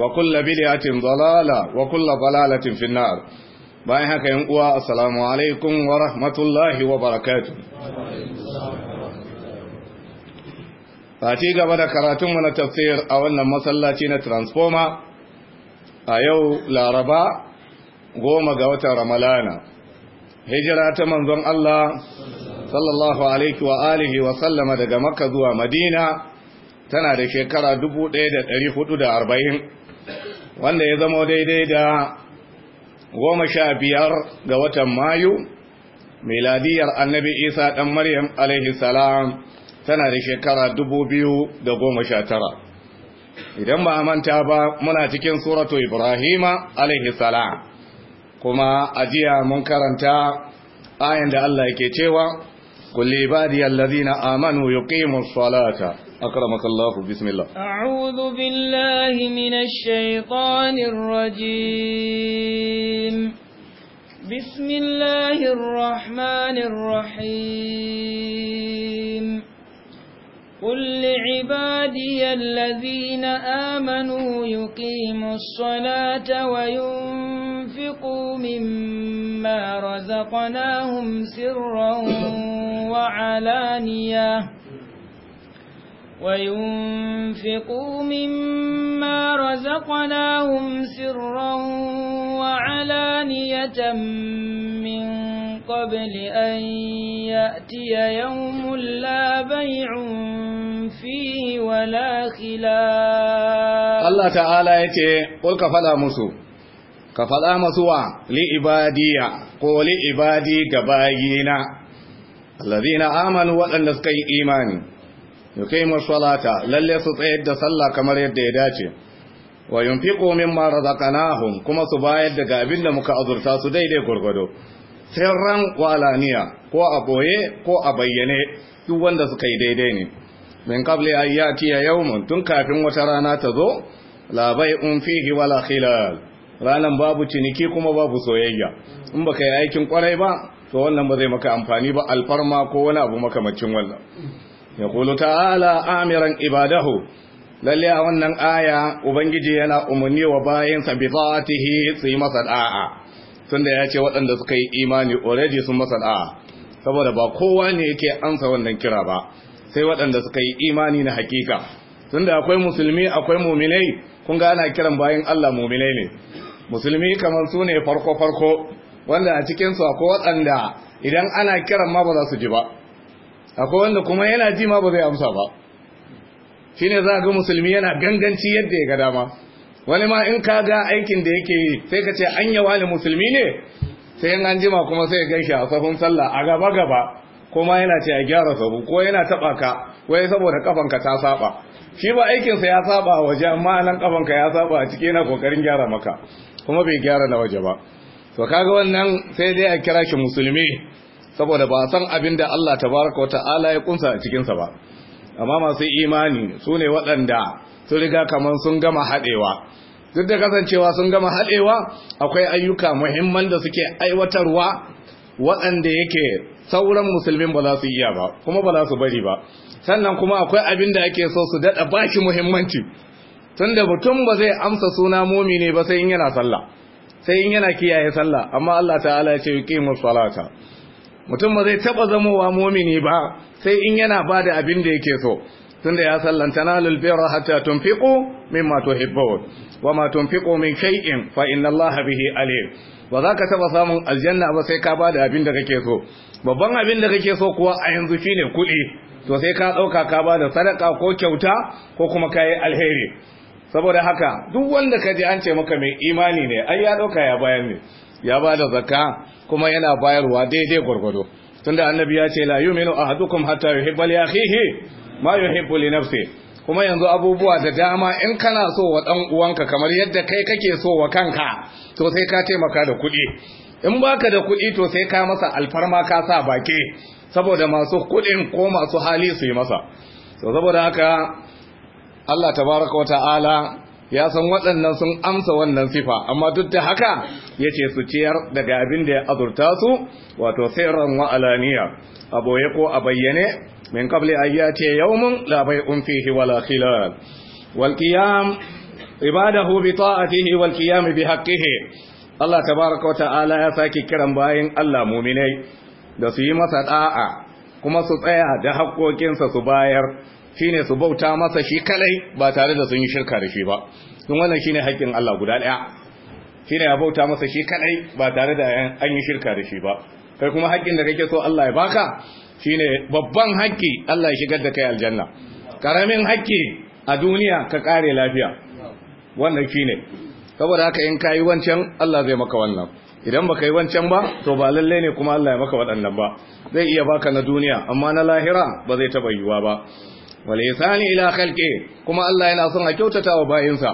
wa kulla bid'atin dalala wa kulla dalalatin fin nar bayan haka yan uwa assalamu alaikum wa rahmatullahi wa barakatuh a ci gaba da karatun mana tafsir a wannan masallaci na transformer a yau laraba goma ga watan ramalana hijira ta manzon Allah sallallahu alaihi wa alihi wa sallama daga makka zuwa madina tana da shekara 1440 wanda ya zama daidai da goma sha biyar ga watan mayu miladiyar annabi isa ɗan maryam alaihi salam tana da shekara dubu biyu da goma sha tara idan ba a manta ba muna cikin suratu Ibrahim alaihi salam kuma a jiya mun karanta ayan da allah ke cewa kulli ibadiyar lazina amanu yuqimus salata أكرمك الله بسم الله أعوذ بالله من الشيطان الرجيم بسم الله الرحمن الرحيم قل لعبادي الذين آمنوا يقيموا الصلاة وينفقوا مما رزقناهم سرا وعلانيةً وينفقوا مما رزقناهم سرا وعلانية من قبل أن يأتي يوم لا بيع فيه ولا خلاف الله تعالى يتي قل كفلا مسو كفلا مسوى لإبادية قول إبادي قبايينا الذين آمنوا وأن نسكي إيماني yuqimu salata lalle su tsayar da sallah kamar yadda ya dace wa yunfiqu mimma razaqnahum kuma su bayar daga abin da muka azurta su daidai gurgudo sirran walaniya ko a boye ko a bayyane duk wanda suka yi daidai ne min qabli ayati yawmun tun kafin wata rana ta zo la bai'un fihi wala khilal ranan babu ciniki kuma babu soyayya in baka yi aikin kwarai ba to wannan ba zai maka amfani ba alfarma ko wani abu makamacin wannan ya kulu ta'ala amiran ibadahu lalle a wannan aya ubangiji yana umarni wa bayansa bi zatihi su yi masa da'a tunda ya ce waɗanda suka yi imani already sun masa da'a saboda ba kowa ne yake amsa wannan kira ba sai waɗanda suka yi imani na hakika tunda akwai musulmi akwai muminai kun ga ana kiran bayan Allah muminai ne musulmi kamar su ne farko farko wanda a cikin su akwai waɗanda idan ana kiran ma ba za su ji ba akwai wanda kuma yana ji ma ba zai amsa ba Shi ne za a ga musulmi yana ganganci yadda ya ga dama wani ma in ka ga aikin da yake yi sai ka ce an yi wani musulmi ne sai in an jima kuma sai ya shi a safin sallah a gaba gaba kuma yana ce a gyara sabu ko yana taba ka wai saboda kafanka ta saba shi ba aikinsa ya saba a waje amma nan kafanka ya saba a ciki yana kokarin gyara maka kuma bai gyara na waje ba to kaga wannan sai dai a kira shi musulmi saboda ba san abin da Allah tabaraka wata'ala ya kunsa a cikinsa ba amma masu imani su ne waɗanda su riga kamar sun gama haɗewa duk da kasancewa sun gama haɗewa akwai ayyuka muhimman da suke aiwatarwa waɗanda yake sauran musulmin ba za su iya ba kuma ba za su bari ba sannan kuma akwai abin da ake so su daɗa ba shi muhimmanci tun da mutum ba zai amsa suna momi ne ba sai in yana sallah sai in yana kiyaye sallah amma Allah ta'ala ya ce kimar salata mutum ba zai taba zamowa mumini ba sai in yana ba da abin da yake so tunda ya sallanta nalul birra hatta tunfiqu mimma Wa ma tunfiqu min shay'in fa inna Allaha bihi alim ba za ka taba samun aljanna ba sai ka ba da abin da kake so babban abin da kake so kuwa a yanzu shine kuɗi to sai ka dauka ka ba da sadaka ko kyauta ko kuma kai alheri saboda haka duk wanda ka ji an ce maka mai imani ne ai ya dauka ya bayan ne ya ba da zakka kuma yana bayarwa daidai gwargwado tunda annabi ya ce la yu'minu ahadukum hatta yuhibba li akhihi ma yuhibbu li nafsi kuma yanzu abubuwa da dama in kana so wa dan uwanka kamar yadda kai kake so wa kanka to sai ka taimaka da kuɗi in baka da kuɗi to sai ka masa alfarma ka sa baki saboda masu kuɗin ko masu hali su yi masa to saboda haka Allah tabaraka wa ta'ala ya san waɗannan sun amsa wannan sifa amma duk da haka yace su ciyar daga abin da ya azurta su wato sirran wa alaniya a boye ko a bayyane min qabli ayyati yau mun bay'un fihi wala khilal wal qiyam ibadahu bi ta'atihi wal qiyam bi haqqihi Allah tabaraka wa ta'ala ya saki kiran bayin Allah mu'minai da su yi masa da'a kuma su tsaya da haƙƙoƙinsa su bayar shine su bauta masa shi kalai ba tare da sun yi shirka da shi ba Sun wannan shine haƙƙin Allah guda ɗaya shine ya bauta masa shi kalai ba tare da an yi shirka da shi ba kai kuma haƙƙin da kake so Allah ya baka shine babban haƙƙi Allah ya shigar da kai aljanna karamin haƙƙi a duniya ka kare lafiya wannan shine saboda haka in kayi wancan Allah zai maka wannan idan baka yi wancan ba to ba lalle ne kuma Allah ya maka waɗannan ba zai iya baka na duniya amma na lahira ba zai taɓa yiwuwa ba wal ihsani ila khalqi kuma Allah yana son a kyautata wa bayinsa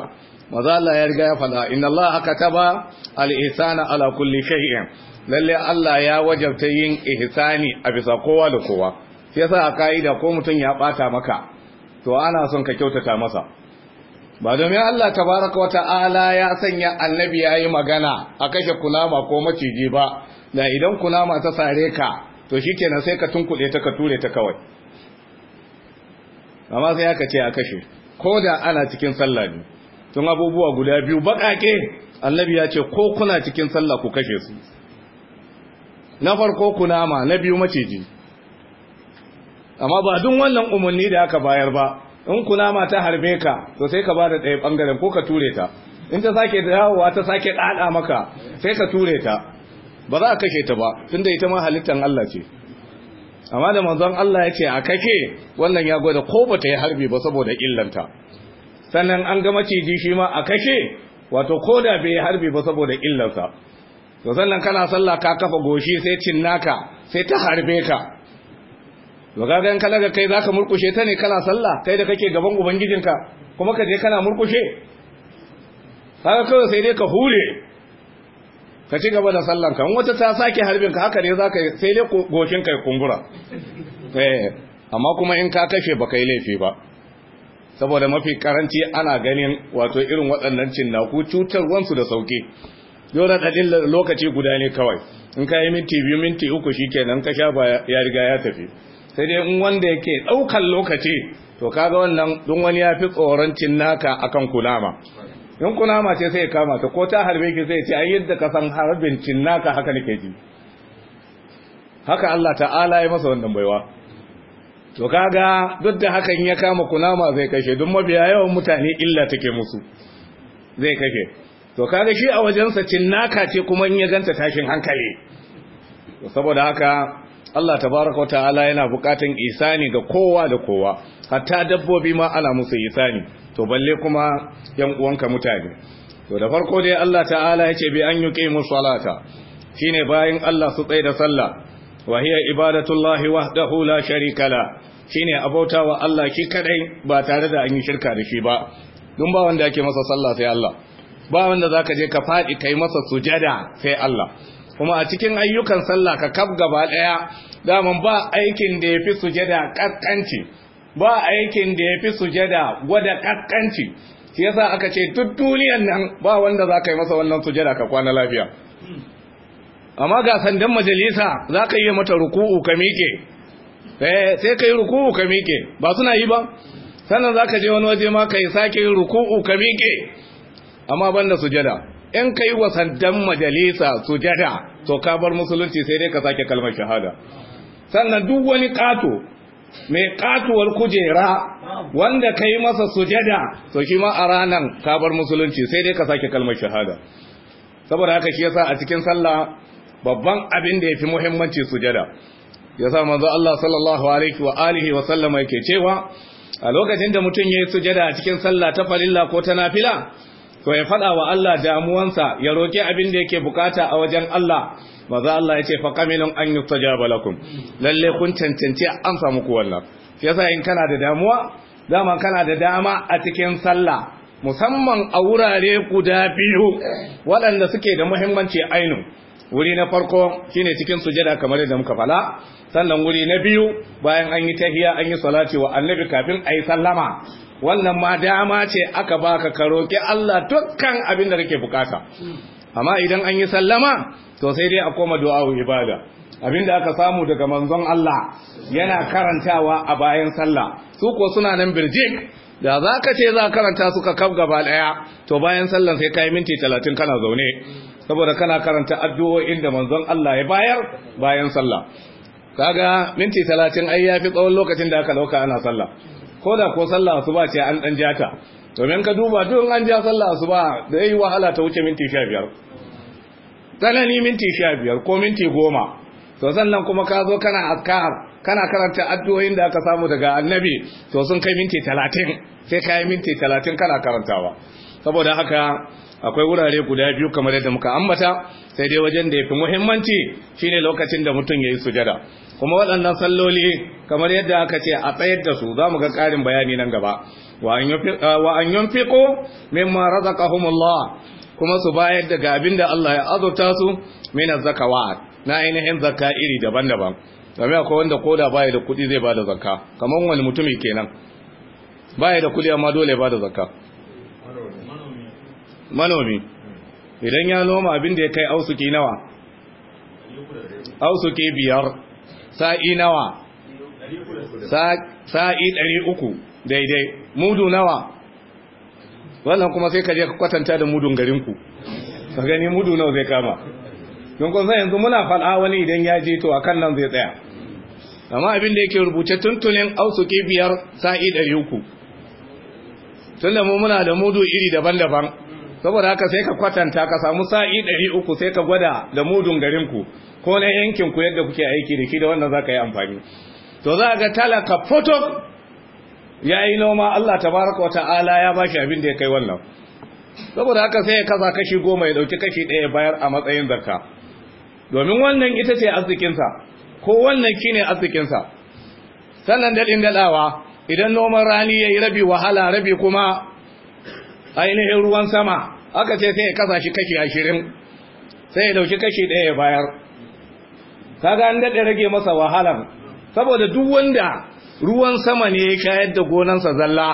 maza Allah ya riga ya fada inna Allah akataba al ihsana ala kulli shay'in lalle Allah ya wajabta yin ihsani a bisa kowa da kowa sai yasa a kaida ko mutun ya bata maka to ana son ka kyautata masa ba domin Allah tabaraka wa ta'ala ya sanya annabi yayi magana a kashe kunama ko maciji ba da idan kunama ta sare ka to shikenan sai ka tunkuɗe ta ka ture ta kawai amma sai aka ce a kashe ko da ana cikin sallah ne tun abubuwa guda biyu baƙaƙe annabi ya ce ko kuna cikin sallah ku kashe su na farko kunama na biyu maciji amma ba dun wannan umarni da aka bayar ba in kunama ta harbe ka to sai ka ba da ɗaya ɓangaren ko ka ture ta in ta sake dawowa ta sake ɗaɗa maka sai ka ture ta ba za a kashe ta ba Tun da ita ma halittar Allah ce amma da manzon Allah ya ce a kake wannan ya gwada ko ba ta yi harbi ba saboda illanta sannan an ga maciji shi ma a kake wato ko da bai yi harbi ba saboda illarsa to sannan kana sallah ka kafa goshi sai cinnaka sai ta harbe ka to ga ga kana ga kai zaka murkushe ta ne kana sallah kai da kake gaban ubangijinka kuma ka je kana murkushe kaga kawai sai dai ka hure ka ci gaba da sallan ka wata ta sake harbin ka haka ne za zaka sai dai gokin kai kumbura eh amma kuma in ka kashe ka yi laifi ba saboda mafi karanci ana ganin wato irin waɗannan cinnaku cutarwansu da sauki yau da lokaci guda ne kawai in ka yi minti biyu minti uku shi kenan ka sha ba ya riga ya tafi sai dai in wanda yake ɗaukan lokaci to kaga wannan don wani ya fi tsoron cinnaka akan kulama in kunama ce sai ya kama ta ko ta harbe ki sai ya ce ai yadda ka san harbin cinnaka haka nake ji haka Allah ta'ala ya masa wannan baiwa to kaga duk da hakan ya kama kunama zai kashe duk mabiya yawan mutane illa take musu zai kashe to kaga shi a wajensa cinnaka ce kuma in ya ganta tashin hankali saboda haka Allah tabaraka wa ta'ala yana bukatan isani ga kowa da kowa hatta dabbobi ma ana musu isani to balle kuma yan uwanka mutane to da farko dai Allah ta'ala ya ce bi an yuqimu salata shine bayin Allah su tsaya da sallah wa hiya ibadatullahi wahdahu la sharika la shine abauta wa Allah shi kadai ba tare da an yi shirka da shi ba dun ba wanda yake masa sallah sai Allah ba wanda zaka je ka fadi kai masa sujada sai Allah kuma a cikin ayyukan sallah ka kaf gaba daya daman ba aikin da yafi sujada kaskanci ba aikin da ya fi sujada gwada kaskanci shi yasa aka ce duk nan ba wanda za ka yi masa wannan sujada ka kwana lafiya amma ga sandan majalisa za ka yi mata ruku'u ka miƙe eh, sai ka yi ruku'u ka miƙe ba suna yi ba sannan za ka je wani waje ma ka yi sake yi ruku'u ka miƙe amma banda sujada in ka yi wa sandan majalisa sujada to ka bar musulunci sai dai ka sake kalmar shahada sannan duk wani ƙato mai katuwar kujera wanda ka yi masa sujada to shi ma a ranar kabar musulunci sai dai ka sake kalmar shahada saboda haka shi yasa a cikin sallah babban abin da ya fi muhimmanci sujada Ya sa manzo Allah sallallahu alaihi wa alihi wa sallama yake cewa a lokacin da mutum ya yi sujada a cikin sallah ta farilla ko ta nafila to ya faɗa wa Allah damuwansa ya roƙi abin da yake bukata a wajen Allah maza Allah ya ce fa kamilun an yustajaba lakum lalle kun cancanci an samu ku wannan shi yasa in kana da damuwa dama kana da dama a cikin sallah musamman a wurare guda biyu waɗanda suke da muhimmanci ainu wuri na farko shine cikin sujada kamar yadda muka fala sannan wuri na biyu bayan an yi tahiya an yi salati wa annabi kafin a yi sallama wannan ma dama ce aka baka ka roƙi Allah dukkan abin da kake bukata amma idan an yi sallama to sai dai a koma du'a ibada abin da aka samu daga manzon Allah yana karantawa a bayan sallah su ko suna nan birjik da za ka ce za karanta suka kaf gaba ɗaya to bayan sallan sai ka yi minti talatin kana zaune saboda kana karanta addu'o'in da manzon Allah ya bayar bayan sallah kaga minti talatin ai ya fi tsawon lokacin da aka ɗauka ana sallah ko da ko sallah asuba ce an dan jata domin ka duba duk an ja sallah asuba da yi wahala ta wuce minti 15 tsanani minti 15 ko minti 10 to sannan kuma ka zo kana azkar kana karanta addu'o'in da aka samu daga annabi to sun kai minti 30 sai kai minti 30 kana karantawa saboda haka akwai wurare guda biyu kamar yadda muka ambata sai dai wajen da yafi muhimmanci shine lokacin da mutum yayi sujada kuma waɗannan salloli kamar yadda aka ce a tsayar da su za mu ga ƙarin bayani nan gaba wa an yunfiqo mimma razaqahumullah kuma su bayar da gabin da Allah ya azurta su min zakawat na ainihin zakka iri daban-daban domin ko wanda koda baya da kuɗi zai bada zakka kamar wani mutumi kenan baya da kuɗi amma dole ba bada zakka manomi idan ya noma abin da ya kai ausuki nawa ausuki biyar sa'i nawa sa'i ɗari uku daidai mudu nawa wannan kuma sai ka je ka kwatanta da mudun garinku ka gani mudu nawa zai kama don kun yanzu muna fal'a wani idan ya je to akan nan zai tsaya amma abin da yake rubuce tuntunin ausuki biyar sa'i ɗari uku tun da mu muna da mudu iri daban-daban saboda haka sai ka kwatanta ka samu sa'i ɗari uku sai ka gwada da mudun garinku ko na yankin ku yadda kuke aiki da shi da wannan zaka yi amfani to za ga talaka photo yayi noma Allah tabaraka wa ta'ala ya bashi abin da ya kai wannan saboda haka sai ya kasa kashi goma ya dauki kashi ɗaya bayar a matsayin zakka domin wannan ita ce arzikinsa ko wannan shine arzikinsa sannan daɗin daɗawa idan noman rani ya yi rabi wahala rabi kuma ainihin ruwan sama aka ce sai ya kasa shi kashi ashirin sai ya dauki kashi ɗaya ya bayar kaga an daɗe rage masa wahalar saboda duk wanda ruwan sama ne ya shayar da gonansa zalla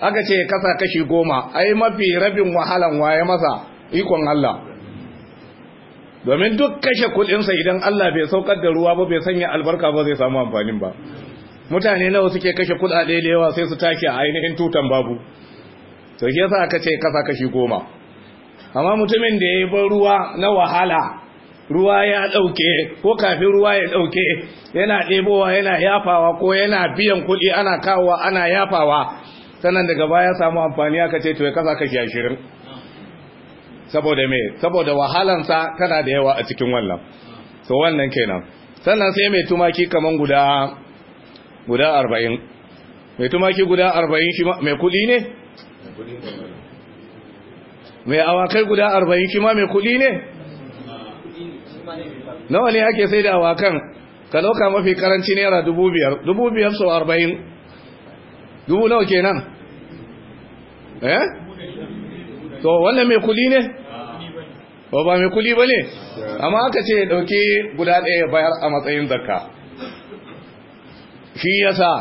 aka ce kasa kashi goma ai mafi rabin wahalan waye masa ikon Allah domin duk kashe kuɗinsa idan Allah bai saukar da ruwa ba bai sanya albarka ba zai samu amfanin ba mutane nawa suke kashe kuɗaɗe da yawa sai su take a ainihin tutan babu to shi yasa aka ce kasa kashi goma amma mutumin da ya yi ban ruwa na wahala ruwa ya ɗauke ko kafin ruwa ya ɗauke yana ɗebowa yana yafawa ko yana biyan kuɗi ana kawowa ana yafawa sannan daga baya samu amfani aka ce to ya kasa kashi ashirin saboda me saboda wahalansa tana da yawa a cikin wannan to wannan kenan sannan sai mai tumaki kaman guda guda arba'in mai tumaki guda arba'in shi mai kuɗi ne mai awakai guda arba'in shi ma mai kuɗi ne nawa ne ake sai da awakan ka dauka mafi karanci naira dubu biyar dubu biyar sau arba'in dubu nawa kenan eh to wannan mai kuli ne ba ba mai kuli ba ne amma aka ce dauki guda ɗaya bayar a matsayin zakka shi yasa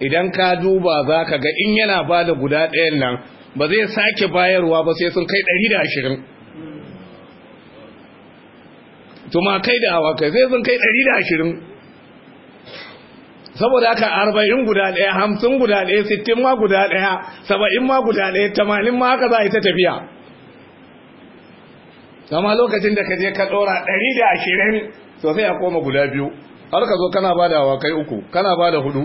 idan ka duba za ka ga in yana ba da guda ɗayan nan ba zai sake bayarwa ba sai sun kai ɗari da ashirin kai da awakai sai sun kai ɗari da ashirin saboda haka arba'in guda ɗaya hamsin guda ɗaya sittin ma guda ɗaya saba'in ma guda ɗaya tamanin ma haka za a yi ta tafiya kama lokacin da ka je ka ɗora ɗari da ashirin sosai a koma guda biyu har ka zo kana ba da awakai uku kana ba da hudu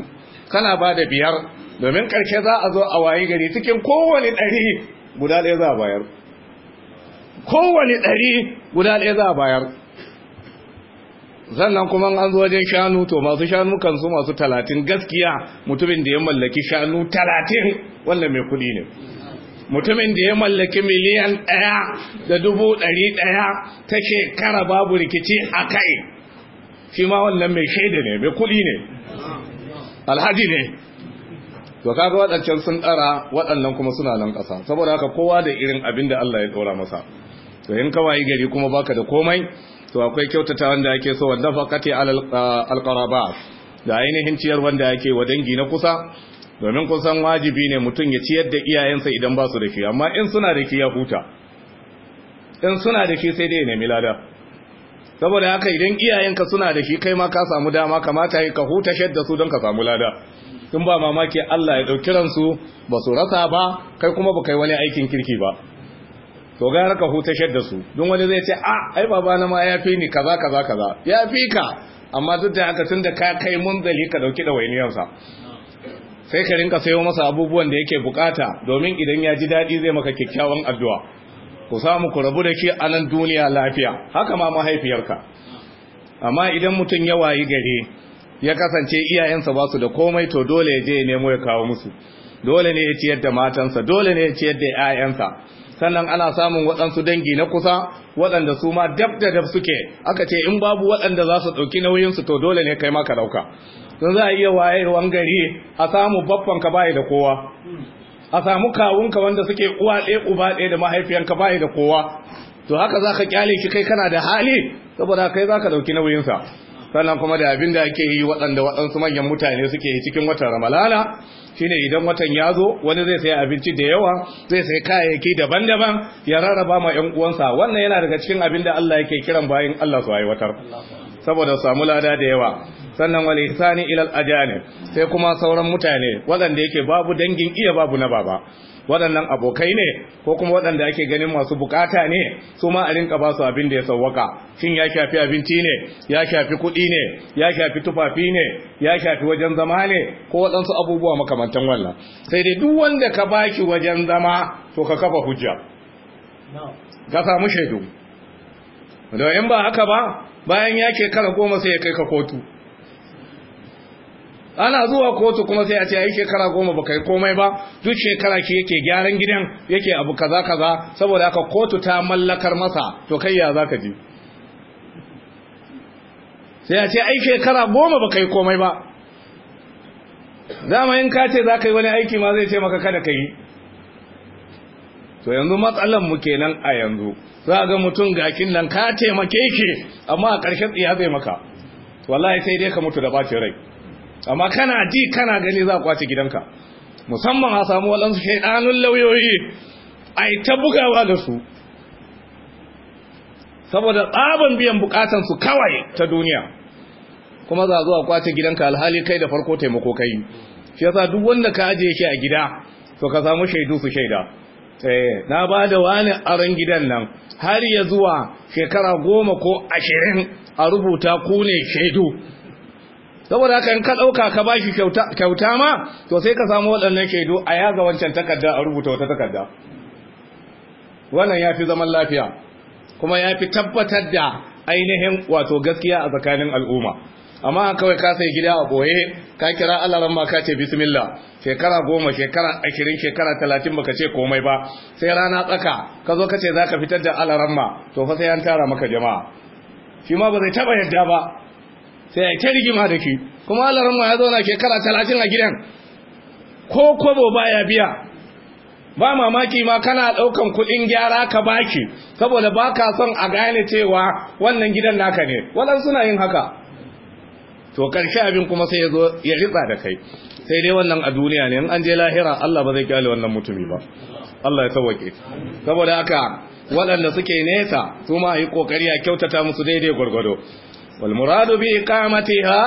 kana ba da biyar domin ƙarshe za a zo a wayi gari cikin kowane ɗari guda ɗaya za a bayar kowane ɗari guda ɗaya za a bayar sannan kuma an zo wajen shanu to masu shanu kan su masu talatin gaskiya mutumin da ya mallaki shanu talatin wannan mai kudi ne mutumin da ya mallaki miliyan ɗaya da dubu ɗari ɗaya ta shekara babu rikici a kai shi ma wannan mai shaida ne mai kudi ne alhaji ne to kaga waɗancan sun ɗara waɗannan kuma suna nan ƙasa saboda haka kowa da irin abin da Allah ya ɗora masa to in kawai gari kuma baka da komai to akwai kyautata wanda ake so wanda faqati ah, alqaraba da ainihin ciyar wanda yake wa dangi na kusa domin kusan wajibi ne mutum ya ciyar da iyayensa idan ba su da shi amma in suna da shi ya huta in suna da shi sai dai nemi lada saboda haka idan iyayenka suna da shi kai ma ka samu dama kamata ka huta shadda su don ka samu lada in ba mamaki Allah ya dauki ransu ba su rasa ba kai kuma ba kai wani aikin kirki ba to gara raka hutashar da su don wani zai ce a ah, ai baba na ma ya fi ni kaza kaza kaza ya fi ka amma duk da haka tun ka kai mun zali ka dauki ɗawainiyarsa sai ka rinka sayo masa abubuwan da yake bukata domin idan ya ji daɗi zai maka kyakkyawan addu'a ku samu ku rabu da shi a nan duniya lafiya haka ma mahaifiyarka amma idan mutum ya wayi gari ya kasance iyayensa ba su da komai to dole ya je ya nemo ya kawo musu dole ne ya ciyar da matansa dole ne ya ciyar da 'ya'yansa sannan ana samun waɗansu dangi na kusa waɗanda su ma dab da dab suke aka ce in babu waɗanda za su ɗauki nauyinsu to dole ne kai ma ka ɗauka don za a iya wayewan gari a samu babban ka bayi da kowa a samu kawunka wanda suke uwa ɗaya uba ɗaya da mahaifiyanka bayi da kowa to haka za ka kyale shi kai kana da hali saboda kai za ka ɗauki nauyinsa sannan kuma da abin da ake yi waɗanda waɗansu manyan mutane suke yi cikin watan ramalala ne idan watan ya zo wani zai saya abinci da yawa zai saya kayayyaki daban-daban ya rarraba ma ƴan uwansa wannan yana daga cikin abin da Allah yake kiran bayan Allah su watar saboda samu lada da yawa sannan wal ihsani ila al sai kuma sauran mutane waɗanda yake babu dangin iya babu na baba waɗannan abokai ne ko kuma waɗanda ake ganin masu bukata ne su ma a rinka ba su abin da ya sauwaka shin ya shafi abinci ne ya shafi kuɗi ne ya shafi tufafi ne ya shafi wajen zama ne ko waɗansu abubuwa makamantan wannan sai dai duk wanda ka baki wajen zama to ka kafa hujja ka samu shaidu da in ba haka ba bayan ya ke kara goma sai ya kai ka kotu ana zuwa kotu kuma sai a ce ai shekara goma baka yi komai ba duk shekara ki yake gyaran gidan yake abu kaza kaza saboda haka kotu ta mallakar masa to kai ya zaka ji sai a ce ai shekara goma baka yi komai ba dama in ka ce zaka yi wani aiki ma zai ce maka kada ka yi to yanzu matsalan mu kenan a yanzu za ga mutum gakin nan ka taimake ki amma a ƙarshen tsiya zai maka wallahi sai dai ka mutu da bacin rai amma kana ji kana gani za kwace gidanka musamman a samu waɗansu shaidanun lauyoyi a yi ta bugawa da su saboda tsaban biyan bukatansu kawai ta duniya kuma za zuwa kwace gidanka alhali kai da farko taimako kai shi yasa duk wanda ka ajiye shi a gida to ka samu shaidu su shaida eh na ba da wani aron gidan nan har ya zuwa shekara goma ko ashirin a rubuta ku ne shaidu saboda haka in ka ɗauka ka bashi shi kyauta ma to sai ka samu waɗannan shaidu a yaga wancan takarda a rubuta wata takarda wannan yafi zaman lafiya kuma yafi tabbatar da ainihin wato gaskiya a tsakanin al'umma amma kawai ka sai gida a ɓoye ka kira Allah ran ka ce bismillah shekara goma shekara ashirin shekara talatin baka ce komai ba sai rana tsaka ka zo ka ce za fitar da Allah ran to fa sai an tara maka jama'a shi ma ba zai taɓa yadda ba sai ta rigima da ke kuma alarma ya zauna shekara talatin a gidan ko kobo baya biya ba mamaki ma kana daukan kudin gyara ka baki saboda baka son a gane cewa wannan gidan naka ne wadanda suna yin haka to karshe abin kuma sai ya zo ya ritsa da kai sai dai wannan a duniya ne in an je lahira Allah ba zai kyale wannan mutumi ba Allah ya sauke saboda haka waɗanda suke nesa su ma yi kokari a kyautata musu daidai gwargwado wal muradu bi iqamatiha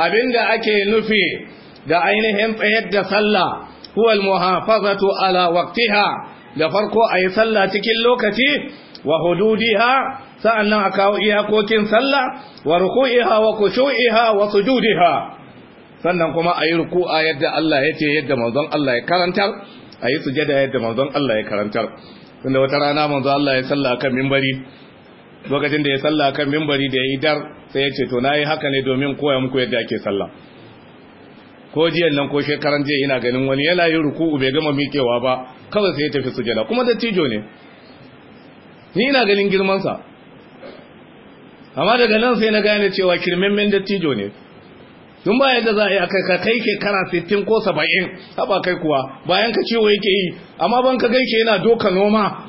abinda ake nufi da ainihin tsayar da sallah huwa al muhafazatu ala waqtiha da farko ayi sallah cikin lokaci wa hududiha sa'annan a kawo iyakokin sallah wa ruku'iha wa kushu'iha wa sujudiha sannan kuma a yi ruku'a yadda Allah ya ce yadda manzon Allah ya karantar a yi sujada yadda manzon Allah ya karantar tunda wata rana manzon Allah ya salla kan mimbari lokacin da ya salla kan mimbari da ya yi dar sai ya ce to na yi haka ne domin koya muku yadda ake sallah ko jiyan nan ko shekaran jiya ina ganin wani yana yin ruku'u bai gama miƙewa ba kawai sai ya tafi sujada kuma dattijo ne ni ina ganin girmansa amma daga nan sai na gane cewa kirmemmen dattijo ne tun ba yadda za a yi a kai ke shekara sittin ko saba'in haɓa kai kuwa bayan ka ciwo yake yi amma ban ka gaishe yana doka noma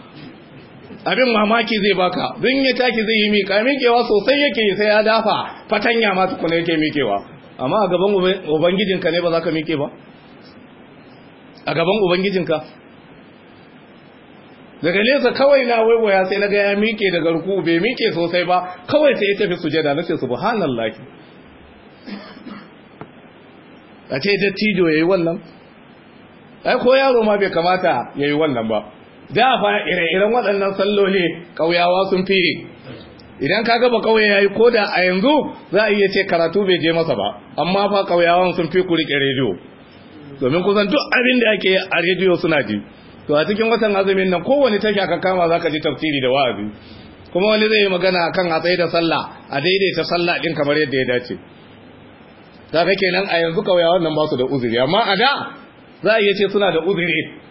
abin mamaki zai baka zan yi taki zai yi miƙa mikewa sosai yake sai ya dafa fatanya ma tukuna yake mikewa. amma a gaban ubangijinka ne ba za ka miƙe ba a gaban ubangijinka daga nesa kawai na waiwaya sai na ga ya miƙe daga ruku bai miƙe sosai ba kawai sai ya tafi sujada na ce laki a ce dattijo yi wannan ai ko yaro ma bai kamata ya yi wannan ba da fa ire-iren waɗannan salloli ƙauyawa sun fi idan ka gaba ƙauye ya yi koda a yanzu za a iya ce karatu bai je masa ba amma fa ƙauyawan sun fi ku riƙe rediyo domin kusan duk abin da ake a rediyo suna ji to a cikin watan azumin nan kowane tasha ka kama za ka ji tafsiri da wa'azi kuma wani zai yi magana akan a tsaye da sallah a daidaita sallah ɗin kamar yadda ya dace ta kenan a yanzu ƙauyawan nan ba su da uzuri amma a da za a iya ce suna da uzuri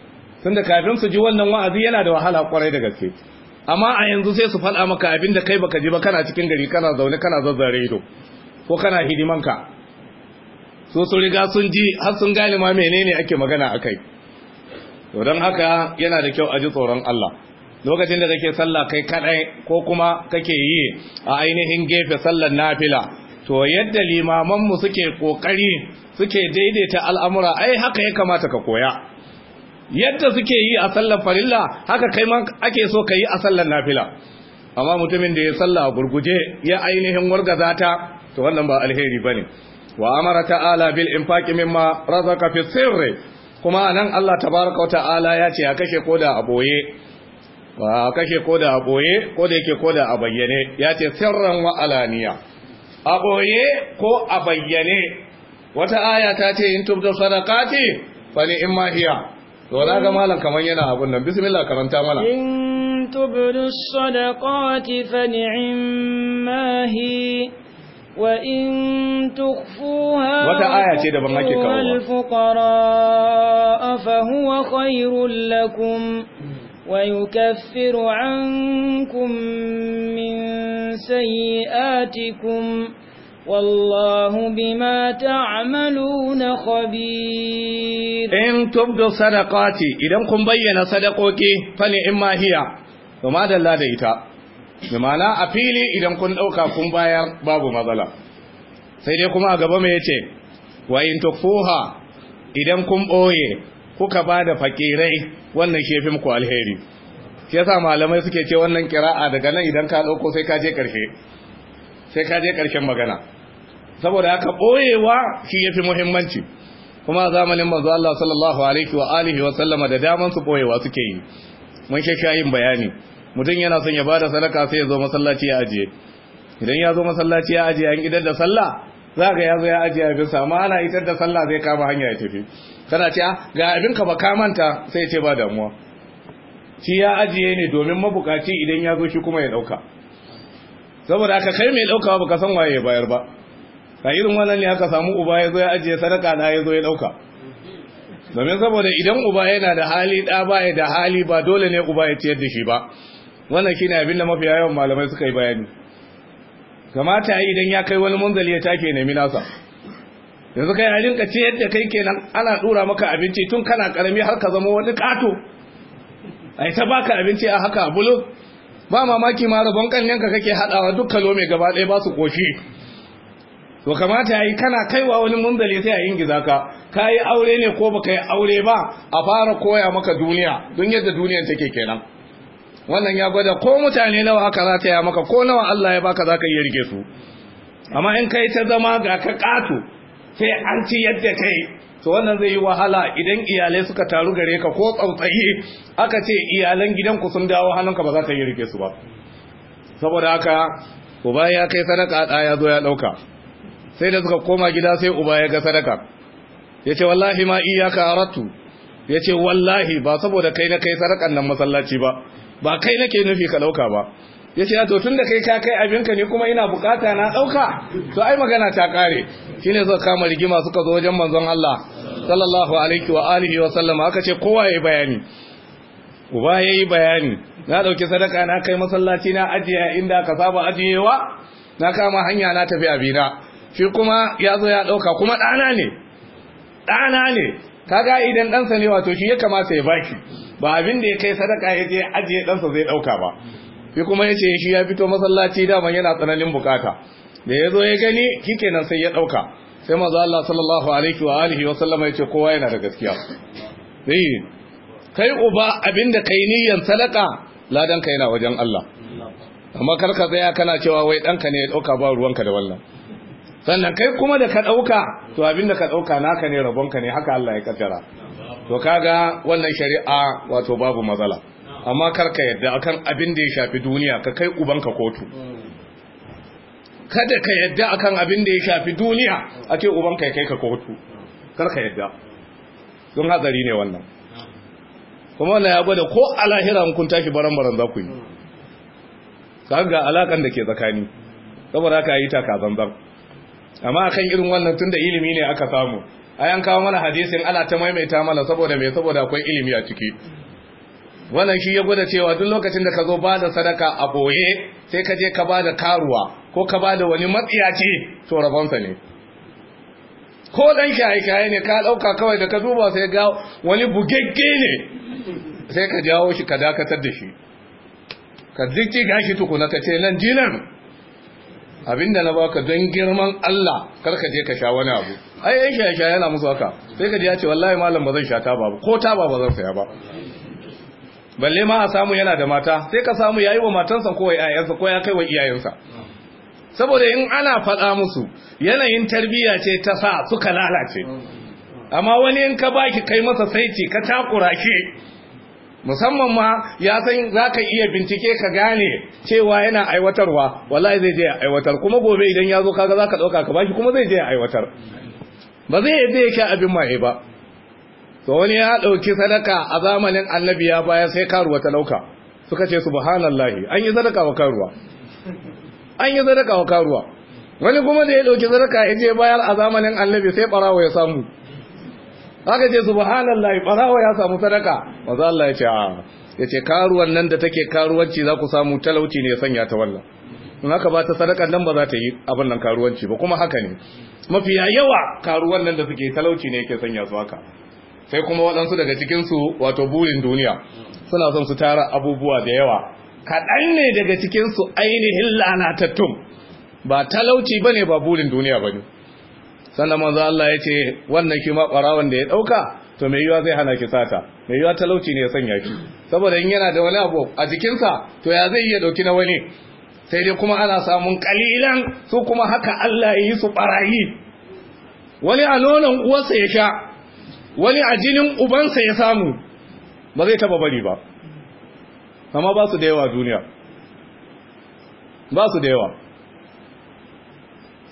da kafin su ji wannan wa'azi yana da wahala kwarai da gaske amma a yanzu sai su faɗa maka abin da kai baka ji ba kana cikin gari kana zaune kana zazzare ido ko kana hidimanka so sun riga sun ji har sun gane ma menene ake magana akai to don haka yana da kyau a ji tsoron Allah lokacin da kake sallah kai kadai ko kuma kake yi a ainihin gefe sallar nafila to yadda limaman mu suke kokari suke daidaita al'amura ai haka ya kamata ka koya yadda suke yi a sallar farilla haka kai ma ake so ka yi a sallar nafila amma mutumin da ya salla a gurguje ya ainihin wargaza ta to wannan ba alheri bane wa amara ta'ala bil infaqi mimma razaqa fi sirri kuma anan Allah tabaaraka wa ta'ala ya ce a kashe koda a boye ba kashe koda a boye ko da yake koda a bayyane ya ce sirran wa alaniya a boye ko a bayyane wata aya ta ce in tubdu sadaqati fa ni imma hiya ولا جمالا كمان ينا أبونا بسم الله كمان تعملا إن الفقراء فهو خير لكم ويكفر عنكم من سيئاتكم والله بما تعملون خبير in tubdu sadaqati idan kun bayyana sadakoki fali in mahiya hiya to madalla da ita bi ma'ana a fili idan kun dauka kun bayar babu matsala sai dai kuma a gaba mai yace wa in tukfuha idan kun boye kuka bada fakirai wannan shefin muku alheri shi yasa malamai suke ce wannan kira'a daga nan idan ka dauko sai ka je karshe sai ka je karshen magana saboda haka boyewa shi yafi muhimmanci kuma zamanin manzo Allah sallallahu alaihi wa alihi wa sallama da daman su koyewa suke yi mun kika yin bayani mutum yana son ya bada sadaka sai ya zo masallaci ya ajiye idan ya zo masallaci ya ajiye an idan da sallah za ga ya zo ya ajiye abin sa amma ana itar da sallah zai kama hanya ya tafi kana ce ah, ga abin ka ba ka manta sai ya ce ba damuwa shi ya ajiye ne domin mabukaci idan ya zo shi kuma ya dauka saboda aka kai mai daukawa baka san waye ya bayar ba a irin wannan ne aka samu uba ya zo ya ajiye sadaka na ya zo ya dauka domin saboda idan uba yana da hali da ya da hali ba dole ne uba ya ciyar da shi ba wannan shine abin da mafi yawan malamai suka yi bayani kamata yi idan ya kai wani munzali ya take nemi nasa yanzu kai a rinka ciyar da kai kenan ana dura maka abinci tun kana karami har ka zama wani kato ai ta baka abinci a haka bulu ba mamaki ma rabon yanka kake hadawa duk kalo mai gaba ɗaya ba su koshi to kamata yayi kana kaiwa wani munzali sai a ingiza ka kai aure ne ko baka yi aure ba a fara koya maka duniya don yadda duniyar take kenan wannan ya gwada ko mutane nawa aka za ta yi maka ko nawa Allah ya baka zaka iya rike su amma in kai ta zama ga ka kato sai an ci yadda kai to wannan zai yi wahala idan iyalai suka taru gare ka ko tsautsayi aka ce iyalan gidan ku sun dawo hannunka ba za ka yi rige su ba saboda haka uba ya kai sadaka a ya zo ya ɗauka sai da suka koma gida sai uba ya ga sadaka ya ce wallahi ma iyaka aratu ya ce wallahi ba saboda kai na kai sadakan nan masallaci ba ba kai nake nufi ka ɗauka ba ya ce to tun da kai ka kai abinka ne kuma ina bukata na ɗauka to ai magana ta kare shi ne suka kama rigima suka zo wajen manzon Allah sallallahu alaihi wa alihi wa sallama aka ce kowa ya yi bayani uba ya yi bayani na ɗauki sadaka na kai masallaci na ajiye inda ka saba ajiyewa na kama hanya na tafi abina shi kuma ya zo ya ɗauka kuma ɗana ne ɗana ne kaga idan ɗansa ne wato shi ya kamata ya baki ba abin da ya kai sadaka ya je ajiye ɗansa zai ɗauka ba shi kuma ya ce shi ya fito masallaci dama yana tsananin bukata da ya zo ya gani kikenan sai ya ɗauka sai maza Allah sallallahu alaihi wa alihi wa sallama ya ce kowa yana da gaskiya Sai kai uba abin da kai niyyan sadaka ladan ka yana wajen Allah amma karka tsaya kana cewa wai ɗanka ne ya ɗauka ba ruwanka da wannan sannan kai kuma da ka ɗauka to abinda ka ɗauka naka ne rabonka ne haka Allah ya kaddara to kaga wannan shari'a wato babu matsala amma karka yadda akan abin da ya shafi duniya ka kai ubanka kotu kada ka yadda akan abin da ya shafi duniya a ce ubanka ya kai ka kotu karka yadda don hatsari ne wannan kuma wannan ya gwada ko a lahira kun tashi baran-baran za ku yi kaga alakan da ke tsakani saboda ka yi taka zan amma akan irin wannan tun da ilimi ne aka samu ayan kawo mana hadisin ala ta maimaita mana saboda me saboda akwai ilimi a ciki wannan shi ya gwada cewa duk lokacin da ka zo ba da sadaka a boye sai ka je ka ba da karuwa ko ka ba da wani matsiyaci to rabonsa ne ko dan kyaye ne ka dauka kawai da ka duba sai ga wani bugegge ne sai ka jawo shi ka dakatar da shi ka zikci gashi tukuna ka ce nan jinan abinda na baka don girman Allah karka je ka sha wani abu ai ai sha sha yana musu haka sai ka ji ya ce wallahi malam ba zan sha ta ba ko ta ba zan saya ba balle ma a samu yana da mata sai ka samu yayi wa matansa ko yayansa ko ya kai wa iyayensa saboda in ana faɗa musu yanayin tarbiyya ce ta sa suka lalace amma wani in ka baki kai masa saiti ka takura shi. musamman ma ya san za ka iya bincike ka gane cewa yana aiwatarwa wallahi zai je ya aiwatar kuma gobe idan ya zo kaga za ka ɗauka ka bashi kuma zai je ya aiwatar ba zai yadda yake abin maye ba to wani ya ɗauki sadaka a zamanin annabi ya baya sai karuwa ta ɗauka suka ce subhanallahi an yi sadaka wa karuwa an yi sadaka wa karuwa wani kuma da ya ɗauki sadaka ya je bayar a zamanin annabi sai ɓarawa ya samu aka ce subhanallahi barawa ya samu sadaka manzo Allah ya ce a ah. yace karuwan nan da take karuwanci za ku samu talauci ne sanya ta wannan. in aka ba ta sadakan nan ba za ta yi abin nan karuwanci ba kuma haka ne mafiya yawa karuwan nan da suke talauci ne yake sanya su haka sai kuma waɗansu daga cikinsu wato burin duniya suna son su tara abubuwa da yawa kaɗan ne daga cikinsu ainihin lalatattun ba talauci ba ne ba burin duniya ba ne sannan manzo Allah ya ce wannan kima barawan da ya ɗauka, to mai yiwa zai hana ki sata mai yiwa talauci ne ya sanya ki saboda in yana da wani abu a jikinsa to ya zai iya dauki na wani sai dai kuma ana samun kalilan su kuma haka Allah ya yi su barayi wani a nonon uwarsa ya sha wani a jinin ubansa ya samu ba zai taba bari ba amma ba su da yawa duniya ba su da yawa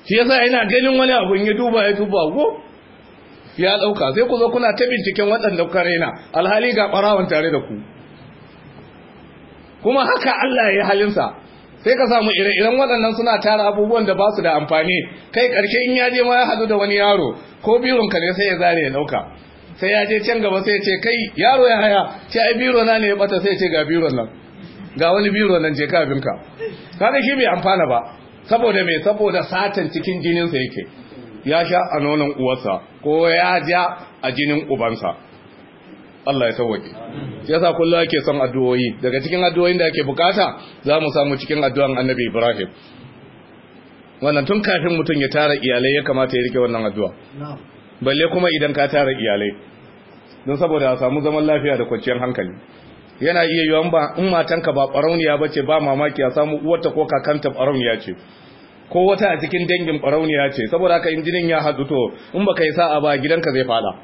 shi yasa yana ganin wani abu ya duba ya duba ko ya dauka sai ku zo kuna ta binciken waɗanda kuka raina alhali ga barawan tare da ku kuma haka Allah ya yi halinsa sai ka samu ire-iren waɗannan suna tara abubuwan da ba su da amfani kai ƙarshe in ya je ma ya hadu da wani yaro ko ka ne sai ya zare ya ɗauka sai ya je can gaba sai ya ce kai yaro ya haya ce ai biro na ne ya bata sai ya ce ga biron nan ga wani biro nan je ka abinka kaga shi bai amfana ba saboda mai saboda satan cikin jininsa yake ya sha a nonon uwarsa ko ya ja a jinin ubansa Allah ya sauwake ya sa kullum ake son addu'o'i daga cikin addu'o'in da ake bukata za mu samu cikin addu'an annabi ibrahim wannan tun kafin mutum ya tara iyalai ya kamata ya rike wannan addu'a balle kuma idan ka tara iyalai don saboda a samu zaman lafiya da kwanciyar hankali yana iya yi ba in matanka ba ba ce, ba mamaki a samu uwarta ko kakanta ɓarauniya ce ko wata a cikin dangin ɓarauniya ce saboda haka injinin ya hadu to in ka yi sa'a ba gidanka zai fada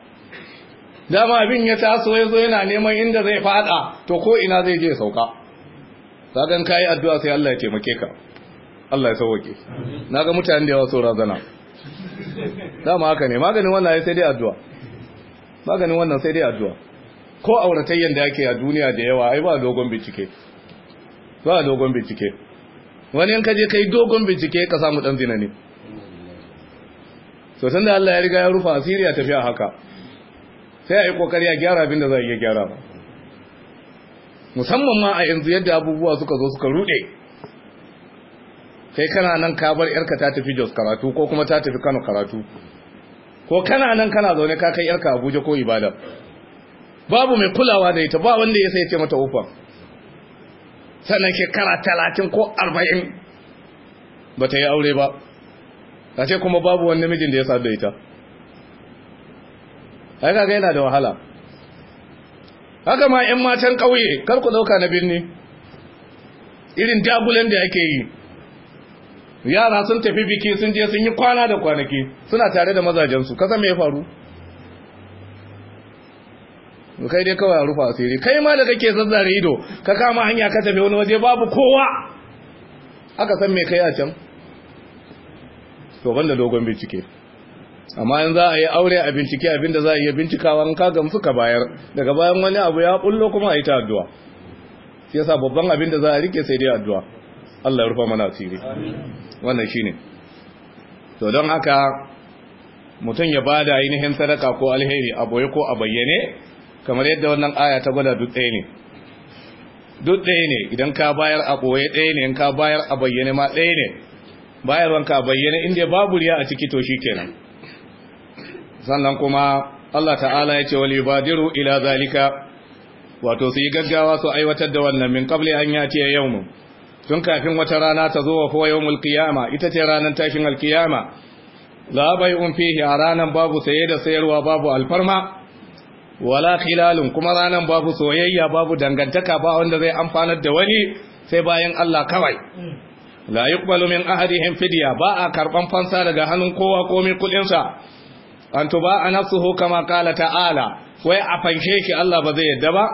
dama abin ya taso zo yana neman inda zai fada to ko ina zai je sauka ka kayi addu'a sai Allah ya taimake ka Allah ya sauke naga mutanen da yawa so razana dama haka ne maganin wannan sai dai addu'a maganin wannan sai dai addu'a ko auratayyan da yake a duniya da yawa ai ba dogon bincike ba dogon bincike wani yanka je kai dogon bincike ka samu dan zina ne san da Allah ya riga ya rufa asiri ya tafi a haka sai ai kokari a gyara abin da za a iya gyara ba musamman ma a yanzu yadda abubuwa suka zo suka rude kai kana nan ka bar yarka ta tafi Jos karatu ko kuma ta tafi Kano karatu ko kana nan kana zaune ka kai yarka Abuja ko Ibadan babu mai kulawa da ita ba wanda ya sai ce mata ufa sannan shekara talatin ko arba'in ba ta yi aure ba a ce kuma babu wani namijin da ya sadu da ita haka ga yana da wahala haka ma 'yan matan ƙauye karku ku ɗauka na birni irin dagulen da ake yi yara sun tafi biki sun je sun yi kwana da kwanaki suna tare da mazajensu kasa mai ya faru kai dai kawai a rufa asiri kai ma da kake zazzare ido ka kama hanya ka tafi wani waje babu kowa aka san me kai a can to banda dogon bincike amma in za a yi aure a bincike abinda za a iya bincikawa in ka gamsu ka bayar daga bayan wani abu ya bullo kuma a yi ta addu'a shi yasa babban abinda za a rike sai dai addu'a Allah ya rufa mana asiri wannan shine to don haka mutum ya bada ainihin sadaka ko alheri a boye ko a bayyane kamar yadda wannan aya ta gwada duk ɗaya ne duk ɗaya ne idan ka bayar a ɓoye ɗaya ne in ka bayar a bayyane ma ɗaya ne bayarwan ka bayyane inda babu riya a ciki to shi kenan sannan kuma Allah ta'ala ya ce wal yubadiru ila zalika wato su yi gaggawa su aiwatar da wannan min qabli an yau mu tun kafin wata rana ta zo wa huwa yawmul qiyama ita ce ranar tashin alqiyama la bai'un fihi a ranan babu saye da sayarwa babu alfarma wala khilalun kuma ranan babu soyayya babu dangantaka ba wanda zai amfanar da wani sai bayan Allah kawai la yuqbalu min ahadihim fidya ba a karban fansa daga hannun kowa ko min kudin sa an tuba anasuhu kama qala ta'ala wai a fanshe shi Allah ba zai yadda ba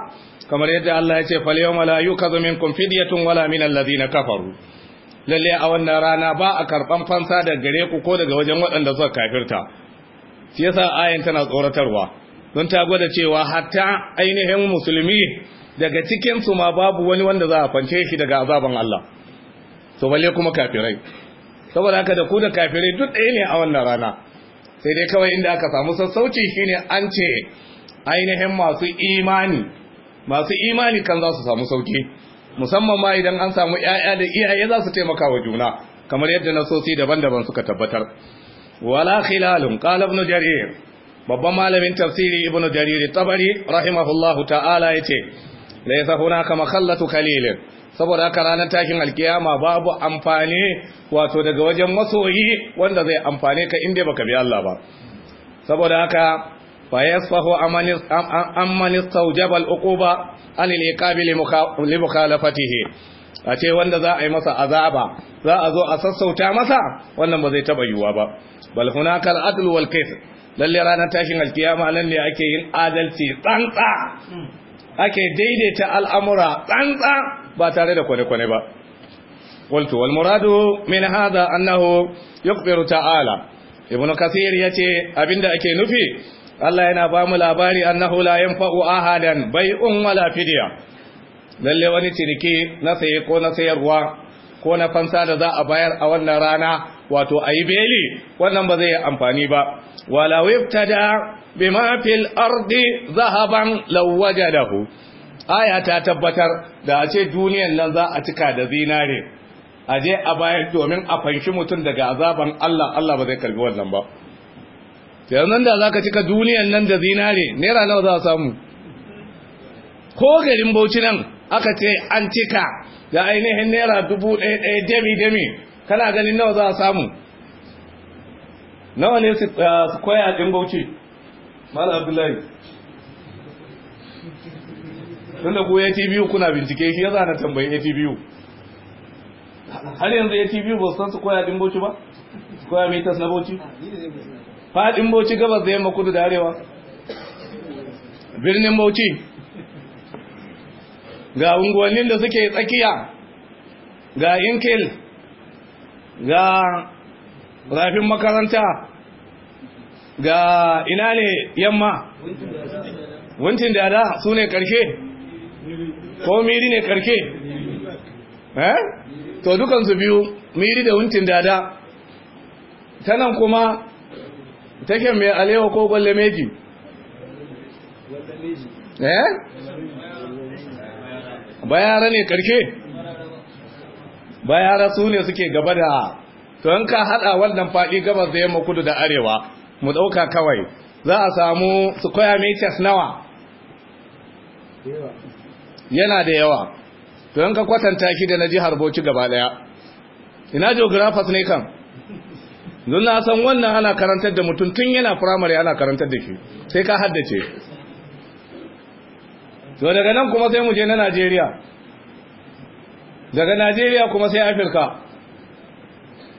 kamar yadda Allah ya ce fal yawma la yuqadu minkum fidyatun wala min alladhina kafaru lalle a wannan rana ba a karban fansa daga gare ku ko daga wajen waɗanda suka kafirta shi yasa ayan tana tsoratarwa don ta gwada cewa hatta ainihin musulmi daga cikinsu ma babu wani wanda za a fance shi daga azaban Allah to balle kuma kafirai saboda haka da ku da kafirai duk ɗaya ne a wannan rana sai dai kawai inda aka samu sassauci shine an ce ainihin masu imani masu imani kan za su samu sauki musamman ma idan an samu 'ya'ya da iyaye za su taimaka wa juna kamar yadda nasosi daban-daban suka tabbatar wala khilalun qala ibn jarir babban malamin tafsiri ibn jarir tabari rahimahullahu ta'ala yace laysa hunaka makhallatu kalilin saboda haka ranar takin alkiyama babu amfani wato daga wajen masoyi wanda zai amfane ka inda baka bi Allah ba saboda haka fa yasfahu amanis amanis tawjaba al-uquba an al-iqabi li mukhalafatihi a ce wanda za a yi masa azaba za a zo a sassauta masa wannan ba zai taba yiwuwa ba bal hunaka al-adlu wal qist lalle ranar tashin alkiyama nan ne ake yin adalci tsantsa ake daidaita al'amura tsantsa ba tare da kwane-kwane ba waltu wal muradu min haza annahu yukhbiru ta'ala ibnu kathir yace abinda ake nufi Allah yana ba mu labari annahu la yanfa'u ahadan bai'un wala fidya lalle wani ciniki na saye ko na sayarwa ko na fansa da za a bayar a wannan rana wato ayi beli wannan ba zai yi amfani ba wala wiftada bima fil ardi zahaban law wajadahu aya ta tabbatar da a ce duniyan nan za a cika da zinare a je a bayan domin a fanshi mutum daga azaban Allah Allah ba zai karbi wannan ba yanzu da zaka cika duniyan nan da zinare naira nawa za a samu ko garin bauchi nan aka ce an cika da ainihin naira dubu ɗaya ɗaya demi demi kana ganin nawa za a samu nawa ne su uh, koya ɗin bauchi mala abdullahi tunda goya tv kuna bincike shi yasa na tambayi atbu har yanzu ATV ba su san su koya ɗin bauchi ba su koya mitas na bauchi faɗin bauchi gabas da yamma kudu da arewa birnin bauchi ga unguwannin da suke tsakiya ga inkil ga rafin makaranta ga ina ne yamma da dada su ne karshe ko miri ne karshe eh to dukansu biyu miri da da dada tanan kuma take mai alewa ko gwalle meji eh bayara ne karshe Baya rasu ne suke gaba da to in ka hada wannan faɗi gabas da yamma kudu da arewa mu ɗauka kawai za a samu square meters nawa yana da yawa to in ka kwatanta ki da na jihar Bauchi gaba daya ina geographers ne kan don na san wannan ana karantar da mutum tun yana primary ana karantar da shi sai ka haddace to daga nan kuma sai mu je na Najeriya daga najeriya kuma sai afirka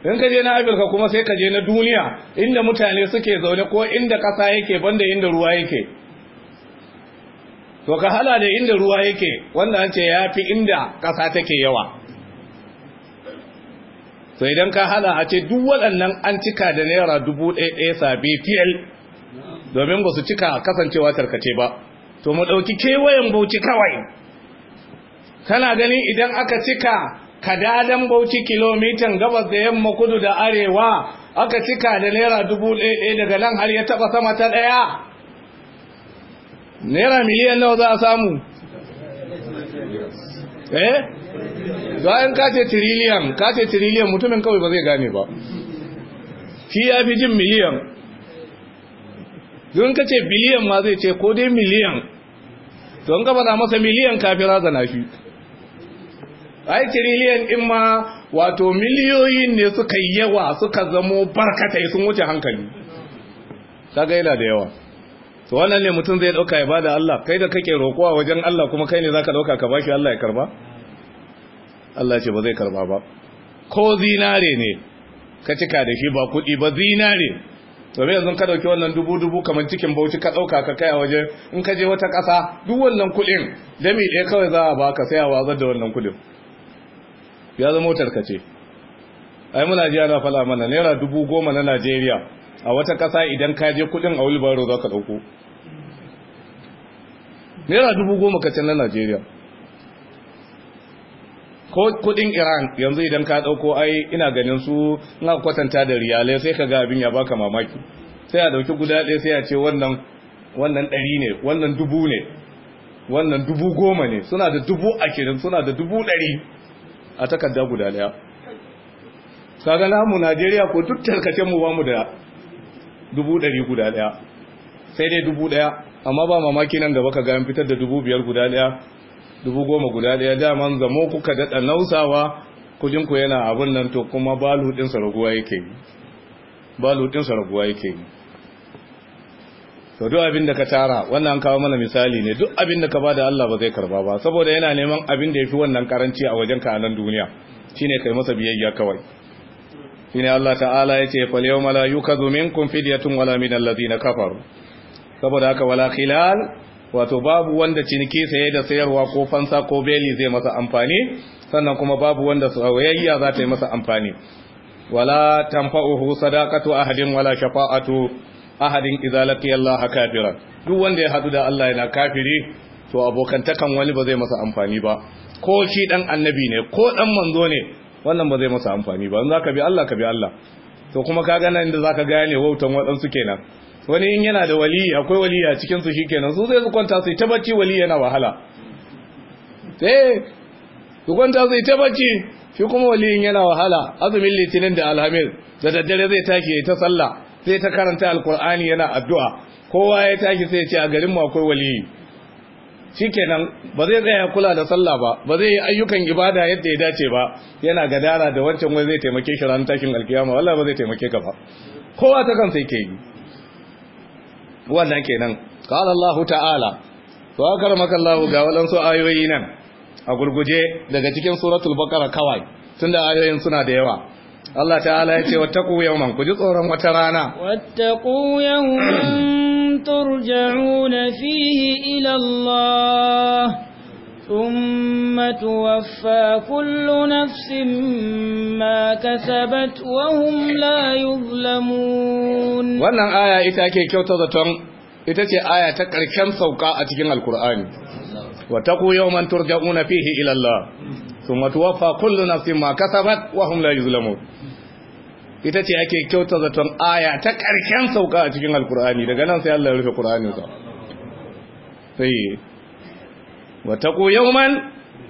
in ka je na afirka kuma sai ka je na duniya inda mutane suke zaune ko inda ƙasa yake banda inda ruwa yake to ka hala da inda ruwa yake wanda an ce ya fi inda ƙasa take yawa to idan ka hala a ce duk waɗannan an cika da naira dubu ɗaya ɗaya sabi fiyal domin ba su cika kasancewa tarkace ba to mu ɗauki kewayen bauchi kawai kana ganin idan aka cika kadadan bauchi kilomitan gabas da yamma kudu da arewa aka cika da naira dubu ɗaya daga nan har ya taɓa sama ta ɗaya naira miliyan nawa za a samu eh bayan kace tiriliyan kace tiriliyan mutumin kawai ba zai gane ba shi ya fi jin miliyan don kace biliyan ma zai ce ko dai miliyan don ka faɗa masa miliyan kafin razana shi ai tiriliyan din ma wato miliyoyin ne suka yi yawa suka zamo barkatai sun wuce hankali kaga yana da yawa to wannan ne mutum zai dauka ya bada Allah kai da kake roƙowa wajen Allah kuma kai ne zaka dauka ka bashi Allah ya karba Allah ce ba zai karba ba ko zinare ne ka cika da shi ba kuɗi ba zinare to me yanzu ka dauki wannan dubu dubu kamar cikin bauchi ka dauka ka kai a waje in ka je wata ƙasa duk wannan kuɗin jami ɗaya kawai za a baka sai a wazar da wannan kuɗin ya zama kace ai muna jiya na fala mana naira dubu goma na najeriya a wata kasa idan ka je kudin a wilbaro za ka dauko naira dubu goma kacan na najeriya ko kudin iran yanzu idan ka dauko ai ina ganin su na kwatanta da riyalai sai ka ga abin ya baka mamaki sai a dauki guda ɗaya sai a ce wannan wannan ɗari ne wannan dubu ne wannan dubu goma ne suna da dubu a kirin suna da dubu ɗari a takarda guda daya kaga namu Najeriya ko duk tarkacen mu bamu da dubu dari guda daya sai dai dubu daya amma ba mamaki nan gaba ka ga an fitar da dubu biyar guda daya dubu goma guda daya daman zamo kuka daɗa nausawa kujinku yana abin nan to kuma balu ɗinsa raguwa yake yi balu ɗinsa raguwa yake yi to duk abin da ka tara wannan an kawo mana misali ne duk abin da ka bada Allah ba zai karba ba saboda yana neman abin da yafi wannan karanci a wajen ka nan duniya shine kai masa biyayya kawai shine Allah ta'ala yace fal yawma la yukadhu minkum fidyatun wala min alladhina kafaru saboda haka wala khilal wato babu wanda ciniki saye da sayarwa ko fansa ko beli zai masa amfani sannan kuma babu wanda sayayya za ta yi masa amfani wala tanfa'uhu sadaqatu ahadin wala shafa'atu ahadin idza laqiya Allah kafiran duk wanda ya hadu da Allah yana kafiri to abokantakan wani ba zai masa amfani ba ko shi dan annabi ne ko dan manzo ne wannan ba zai masa amfani ba in zaka bi Allah ka bi Allah to kuma ka ga nan da zaka gane wautan wadansu kenan wani in yana da wali akwai wali a cikin su shikenan su zai su kwanta sai ta wali yana wahala eh su kwanta sai ta shi kuma wali yana wahala azumin litinin da alhamis da daddare zai take ta sallah sai ta karanta alkur'ani yana addu'a kowa ya tashi sai ce a garin mu akwai waliyi shikenan ba zai tsaya kula da sallah ba ba zai yi ayyukan ibada yadda ya dace ba yana gadara da wancan wai zai taimake shi ran tashin alkiyama wallahi ba zai taimake ka ba kowa ta sai ke yi wannan kenan qala Allah ta'ala to akar makallahu ga walansu ayoyi nan a gurguje daga cikin suratul baqara kawai tunda ayoyin suna da yawa Allah ta'ala ya ce wattaqu yawman ku ji tsoron wata rana wattaqu turja'u na fihi ila Allah tuwaffa kullu nafsin ma kasabat wa hum la yuzlamun wannan aya ita ke kyauta zaton ita ce aya ta ƙarshen sauka a cikin alkur'ani wattaqu turja'u na fihi ila thumma tuwaffa kullu nafsin ma kasabat wa hum la yuzlamun ita ce ake kyauta zaton aya ta ƙarshen sauka a cikin alkur'ani daga nan sai Allah ya rufe qur'ani sa sai taqu yawman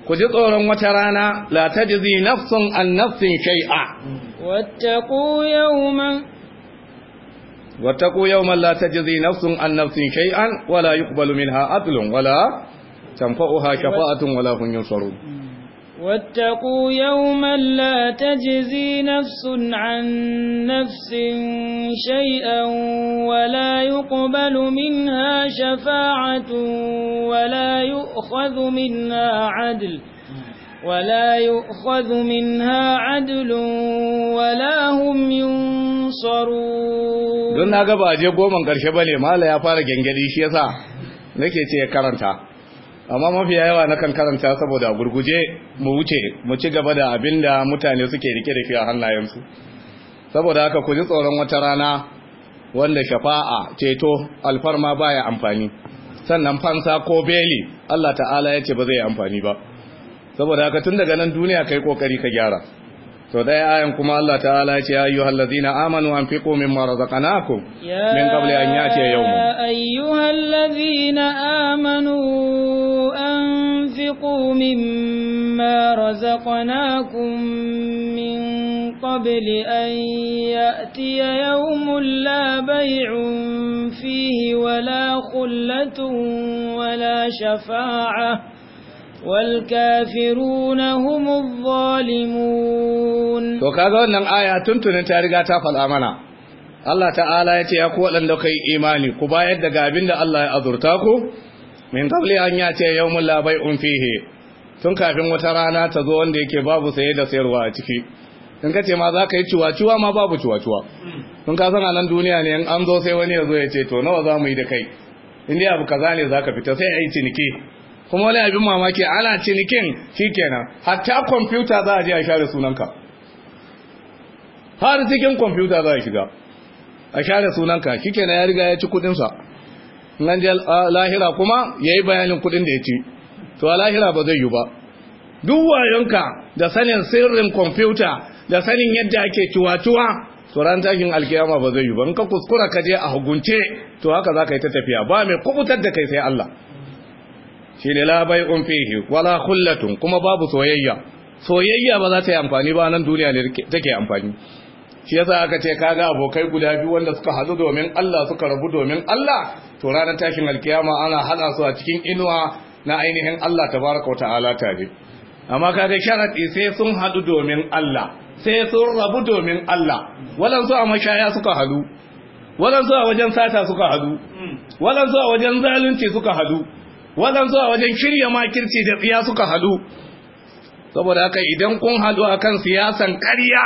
ku ji tsoron wata rana la tajzi nafsun an nafsin shay'a taqu yawman tajzi nafsun an nafsin shay'an wa la yuqbalu minha adlun wa la tanfa'uha shafa'atun wa la هم ينصرون واتقوا يوما لا تجزي نفس عن نفس شيئا ولا يقبل منها شفاعة ولا يؤخذ منها عدل ولا يؤخذ منها عدل ولا هم ينصرون don na gaba je goman karshe bane mala ya fara gengedi shi yasa nake ce karanta amma mafi yawa na kan karanta saboda gurguje mu wuce mu ci gaba da abin da mutane suke rike rike a hannayensu saboda haka ku ji tsoron wata rana wanda shafa'a ceto alfarma baya amfani sannan fansa ko beli Allah ta'ala ya ce ba zai amfani ba saboda haka tun daga nan duniya kai kokari ka gyara to dai ayan kuma Allah ta'ala ya ce ayyuhal ladzina amanu anfiqu mimma razaqnakum min qabli an ya'tiya yawm ayyuhal ladzina amanu أنفقوا مما رزقناكم من قبل أن يأتي يوم لا بيع فيه ولا خلة ولا شفاعة والكافرون هم الظالمون to kaga wannan aya tuntunin ta riga ta faɗa mana Allah ta'ala ya ce ya ku waɗanda kai imani ku bayar da gabin da Allah ya azurta ku min qabli an ya ce yawmul la bai'un fihi tun kafin wata rana ta zo wanda yake babu saye da sayarwa a ciki in ka ce ma za ka yi ciwa-ciwa ma babu ciwa-ciwa tun ka san a nan duniya ne in an zo sai wani ya zo ya ce to nawa za mu yi da kai in dai abu kaza ne za ka fita sai a yi ciniki kuma wani abin mamaki ana cinikin shi kenan hatta kwamfuta za a je a share sunanka har cikin kwamfuta za a shiga a share sunanka shi ya riga ya ci sa nan je lahira kuma yayi bayanin kudin da ya ci to a lahira ba zai yi ba duk wayonka da sanin sirrin kwamfuta da sanin yadda ake tuwatuwa to ran takin alkiyama ba zai yi ba in ka kuskura ka je a hugunce to haka za yi ta tafiya ba mai kubutar da kai sai Allah shi ne labai un fihi wala khullatun kuma babu soyayya soyayya ba za ta yi amfani ba nan duniya ne take amfani shi yasa aka ce kaga abokai guda biyu wanda suka hadu domin Allah suka rabu domin Allah to ranar tashin alkiyama ana hada su a cikin inuwa na ainihin Allah tabaraka wata'ala tare amma kaga sharadi sai sun hadu domin Allah sai sun rabu domin Allah wannan zuwa mashaya suka hadu wannan zuwa wajen sata suka hadu wannan zuwa wajen zalunci suka hadu wannan zuwa wajen shirya makirci da tsiya suka hadu saboda haka idan kun hadu akan siyasan ƙarya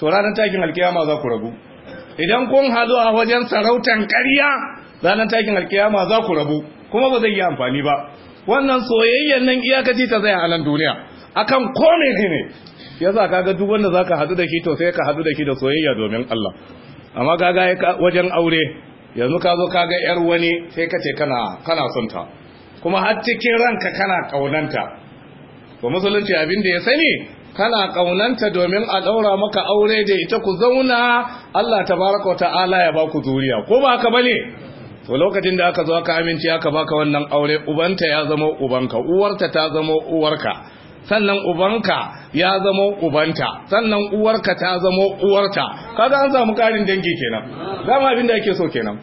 to ranar tashin alkiyama za ku rabu idan kun hadu a wajen sarautan ƙarya ranar takin alkiyama za ku rabu kuma ba zai yi amfani ba wannan soyayyen nan iyakaci ta zai a nan duniya akan kome gine ya za ka duk wanda za ka hadu da shi to sai ka hadu da shi da soyayya domin Allah amma kaga ga wajen aure yanzu ka zo ka ga yar wani sai ka ce kana kana son ta kuma har cikin ranka kana kaunanta ba musulunci abin da ya sani kana kaunanta domin a daura maka aure da ita ku zauna Allah tabaraka wa ta'ala ya ba ku zuriya ko ba haka bane to lokacin da aka zo aka aminci aka baka wannan aure ubanta ya zama ubanka uwarta ta zama uwarka sannan ubanka ya zama ubanta sannan uwarka ta zama uwarta kaga an samu karin dangi kenan dama abin da ake so kenan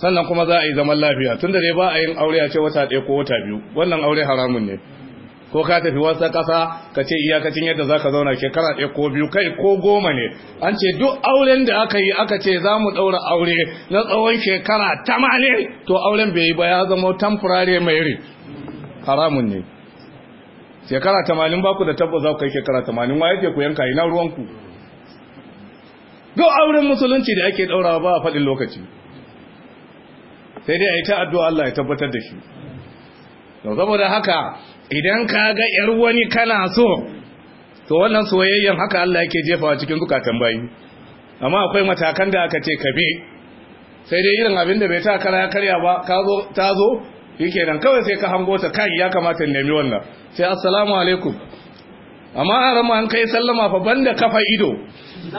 sannan kuma za a yi zaman lafiya tunda dai ba a yin aure a ce wata ɗaya ko wata biyu wannan aure haramun ne ko ka tafi wasa ƙasa ka ce iyakacin yadda za ka zauna shekara ɗaya ko biyu kai ko goma ne an ce duk auren da aka yi aka ce za mu ɗaura aure na tsawon shekara tamanin to auren bai yi ba ya zama tamfurare mai ri haramun ne shekara tamanin ba ku da tabba za ku kai shekara tamanin wa yake ku yanka ina ruwanku duk auren musulunci da ake ɗaurawa ba a faɗin lokaci sai dai a yi ta addu'a Allah ya tabbatar da shi saboda haka idan ka ga ‘yar wani kana so to wannan soyayyen haka Allah yake wa cikin zukatan bayi amma akwai matakan da aka ce ka bi sai dai irin abin da bai ta kara ya karya ba ta zo yake nan kawai sai ka hango ta kai ya kamata nemi wannan sai assalamu alaikum amma a rama an kai sallama fa banda kafa ido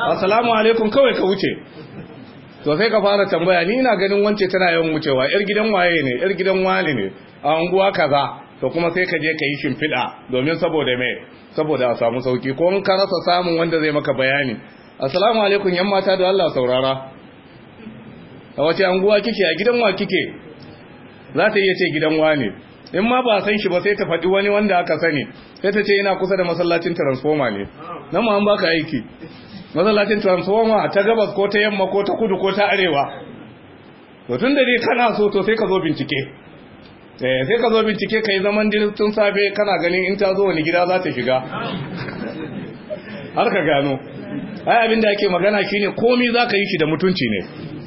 assalamu alaikum kawai ka wuce to sai ka fara tambaya ni ina ganin wance tana yawan wucewa yar gidan waye ne yar gidan wani ne a unguwa kaza to kuma sai ka je ka yi shimfiɗa domin saboda mai saboda a samu sauki ko in ka rasa samun wanda zai maka bayani assalamu alaikum yan mata da Allah saurara a wace anguwa kike a gidan wa kike za ta iya ce gidan wa ne in ma ba san shi ba sai ta faɗi wani wanda aka sani sai ta ce yana kusa da masallacin transformer ne nan ma an baka aiki masallacin transformer ta gabas ko ta yamma ko ta kudu ko ta arewa to tun da dai kana so to sai ka zo bincike Eh, sai ka zo bincike ka yi zaman tun safe kana ganin in ta zo wani gida za ta shiga har ka gano ai abin da ake magana shine komai za ka yi shi da mutunci ne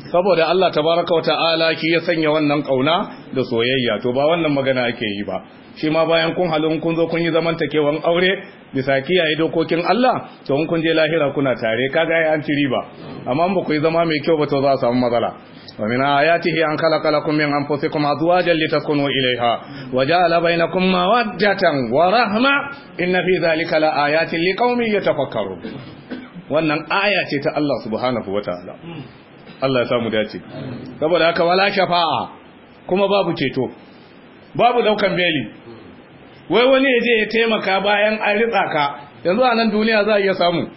saboda Allah tabaraka wa ta'ala shi ya sanya wannan kauna da soyayya to ba wannan magana ake yi ba shi ma bayan kun halin kun zo kun yi zaman takewan aure bisa kiyaye dokokin Allah to in kun je lahira kuna tare kaga ai an ci riba amma ba ku yi zama mai kyau ba to za a samu matsala ومن آياته أن خلق لكم من أنفسكم أزواجا لتسكنوا إليها وجعل بينكم مودة ورحمة إن في ذلك لآيات لقوم يتفكرون wannan aya ce ta Allah الله wataala Allah ya samu dace saboda haka wala shafa'a kuma babu ceto babu ɗaukan beli wai wani ya je ya taimaka bayan yanzu a nan duniya za a iya samu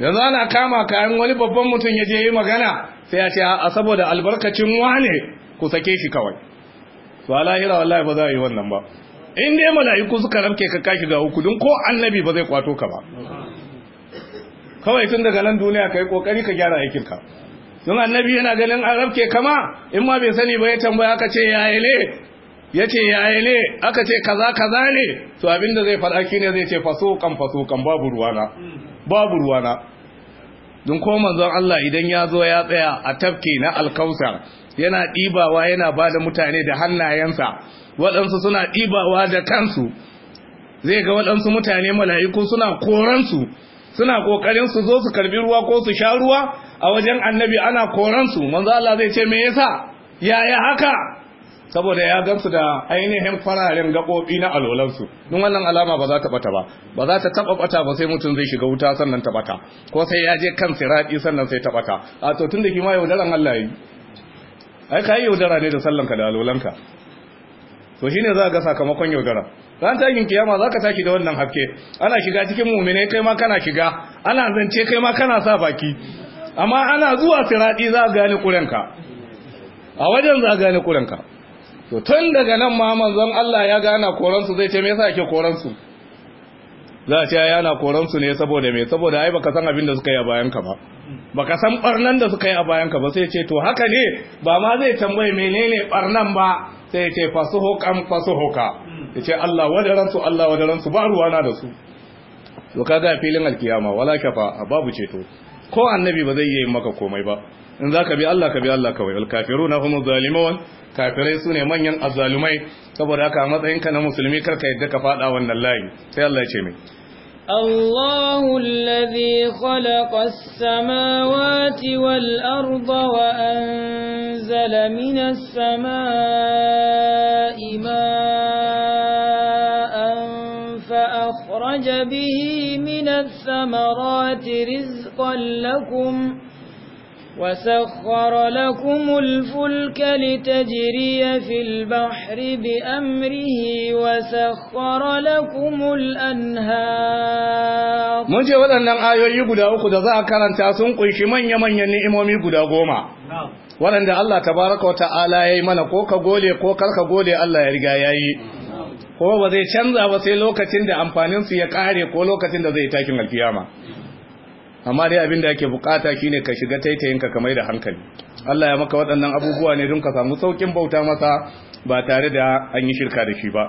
yanzu ana kama kayan wani babban mutum ya je yi magana sai ya ce a saboda albarkacin ne ku sake shi kawai to alahira wallahi ba za a yi wannan ba in dai mala'iku suka ramke ka kashi ga hukudin ko annabi ba zai kwato ka ba kawai tun daga nan duniya ka yi kokari ka gyara aikin ka don annabi yana ganin an ramke kama in ma bai sani ba ya tambaya aka ce yaya ne ya ce yaya ne aka ce kaza kaza ne to abinda zai faɗa ne zai ce faso kan faso kan babu ruwana babu ruwana don ko manzon Allah idan ya zo ya tsaya a tafke na alkausar yana ɗibawa yana ba da mutane da hannayensa waɗansu suna ɗibawa da kansu zai ga waɗansu mutane mala'iku suna koransu suna ƙoƙarin su zo su karbi ruwa ko su sha ruwa a wajen annabi ana koransu manzo Allah zai ce me yasa yaya haka saboda ya gansu da ainihin fararen gaɓoɓi na alolansu in wannan alama ba za ta ɓata ba ba za ta taɓa ɓata ba sai mutum zai shiga wuta sannan ta ɓata ko sai ya je kan siraɗi sannan sai ta ɓata a to tun da kima yaudaran Allah yi ai ka yi yaudara ne da sallanka da alolanka to ne za ga sakamakon yaudara ran tagin kiyama za ka tashi da wannan hafke. ana shiga cikin mumine kai ma kana shiga ana zance kai ma kana sa baki amma ana zuwa siraɗi za a gane kurenka a wajen za a gane kurenka to tun daga nan ma manzon Allah ya gana koransu zai ce me yasa yake koransu za a ce yana koransu ne saboda me saboda ai baka san abin da suka yi a bayan ka ba baka san barnan da suka yi a bayan ka ba sai ce to haka ne ba ma zai tambaye menene barnan ba sai fasu ce fasu hoka ya ce Allah su Allah su ba ruwa na da su to kaga filin alkiyama wala fa babu to? ko annabi ba zai yi maka komai ba in za ka bi Allah ka bi Allah kawai alkafiruna humu zalimun kafirai su ne manyan azalumai saboda haka matsayinka na musulmi karka yadda ka faɗa wannan layi sai Allah ya ce mai الله الذي خلق السماوات والأرض وأنزل من السماء ماء فأخرج به من الثمرات رزقا لكم وسخر لكم الفلك لتجري في البحر بأمره وسخر لكم الأنهار mun ce waɗannan ayoyi guda uku da za a karanta sun ƙunshi manya-manyan ni'imomi guda goma waɗanda Allah tabaraka wa ta'ala ya yi mana ko ka gole ko karka gole Allah ya riga ya yi ko ba zai canza ba sai lokacin da amfaninsu ya ƙare ko lokacin da zai yi takin alfiyama amma dai abin da yake bukata shine ka shiga taitayinka ka mai da hankali Allah ya maka waɗannan abubuwa ne don ka samu saukin bauta masa ba tare da an yi shirka da shi ba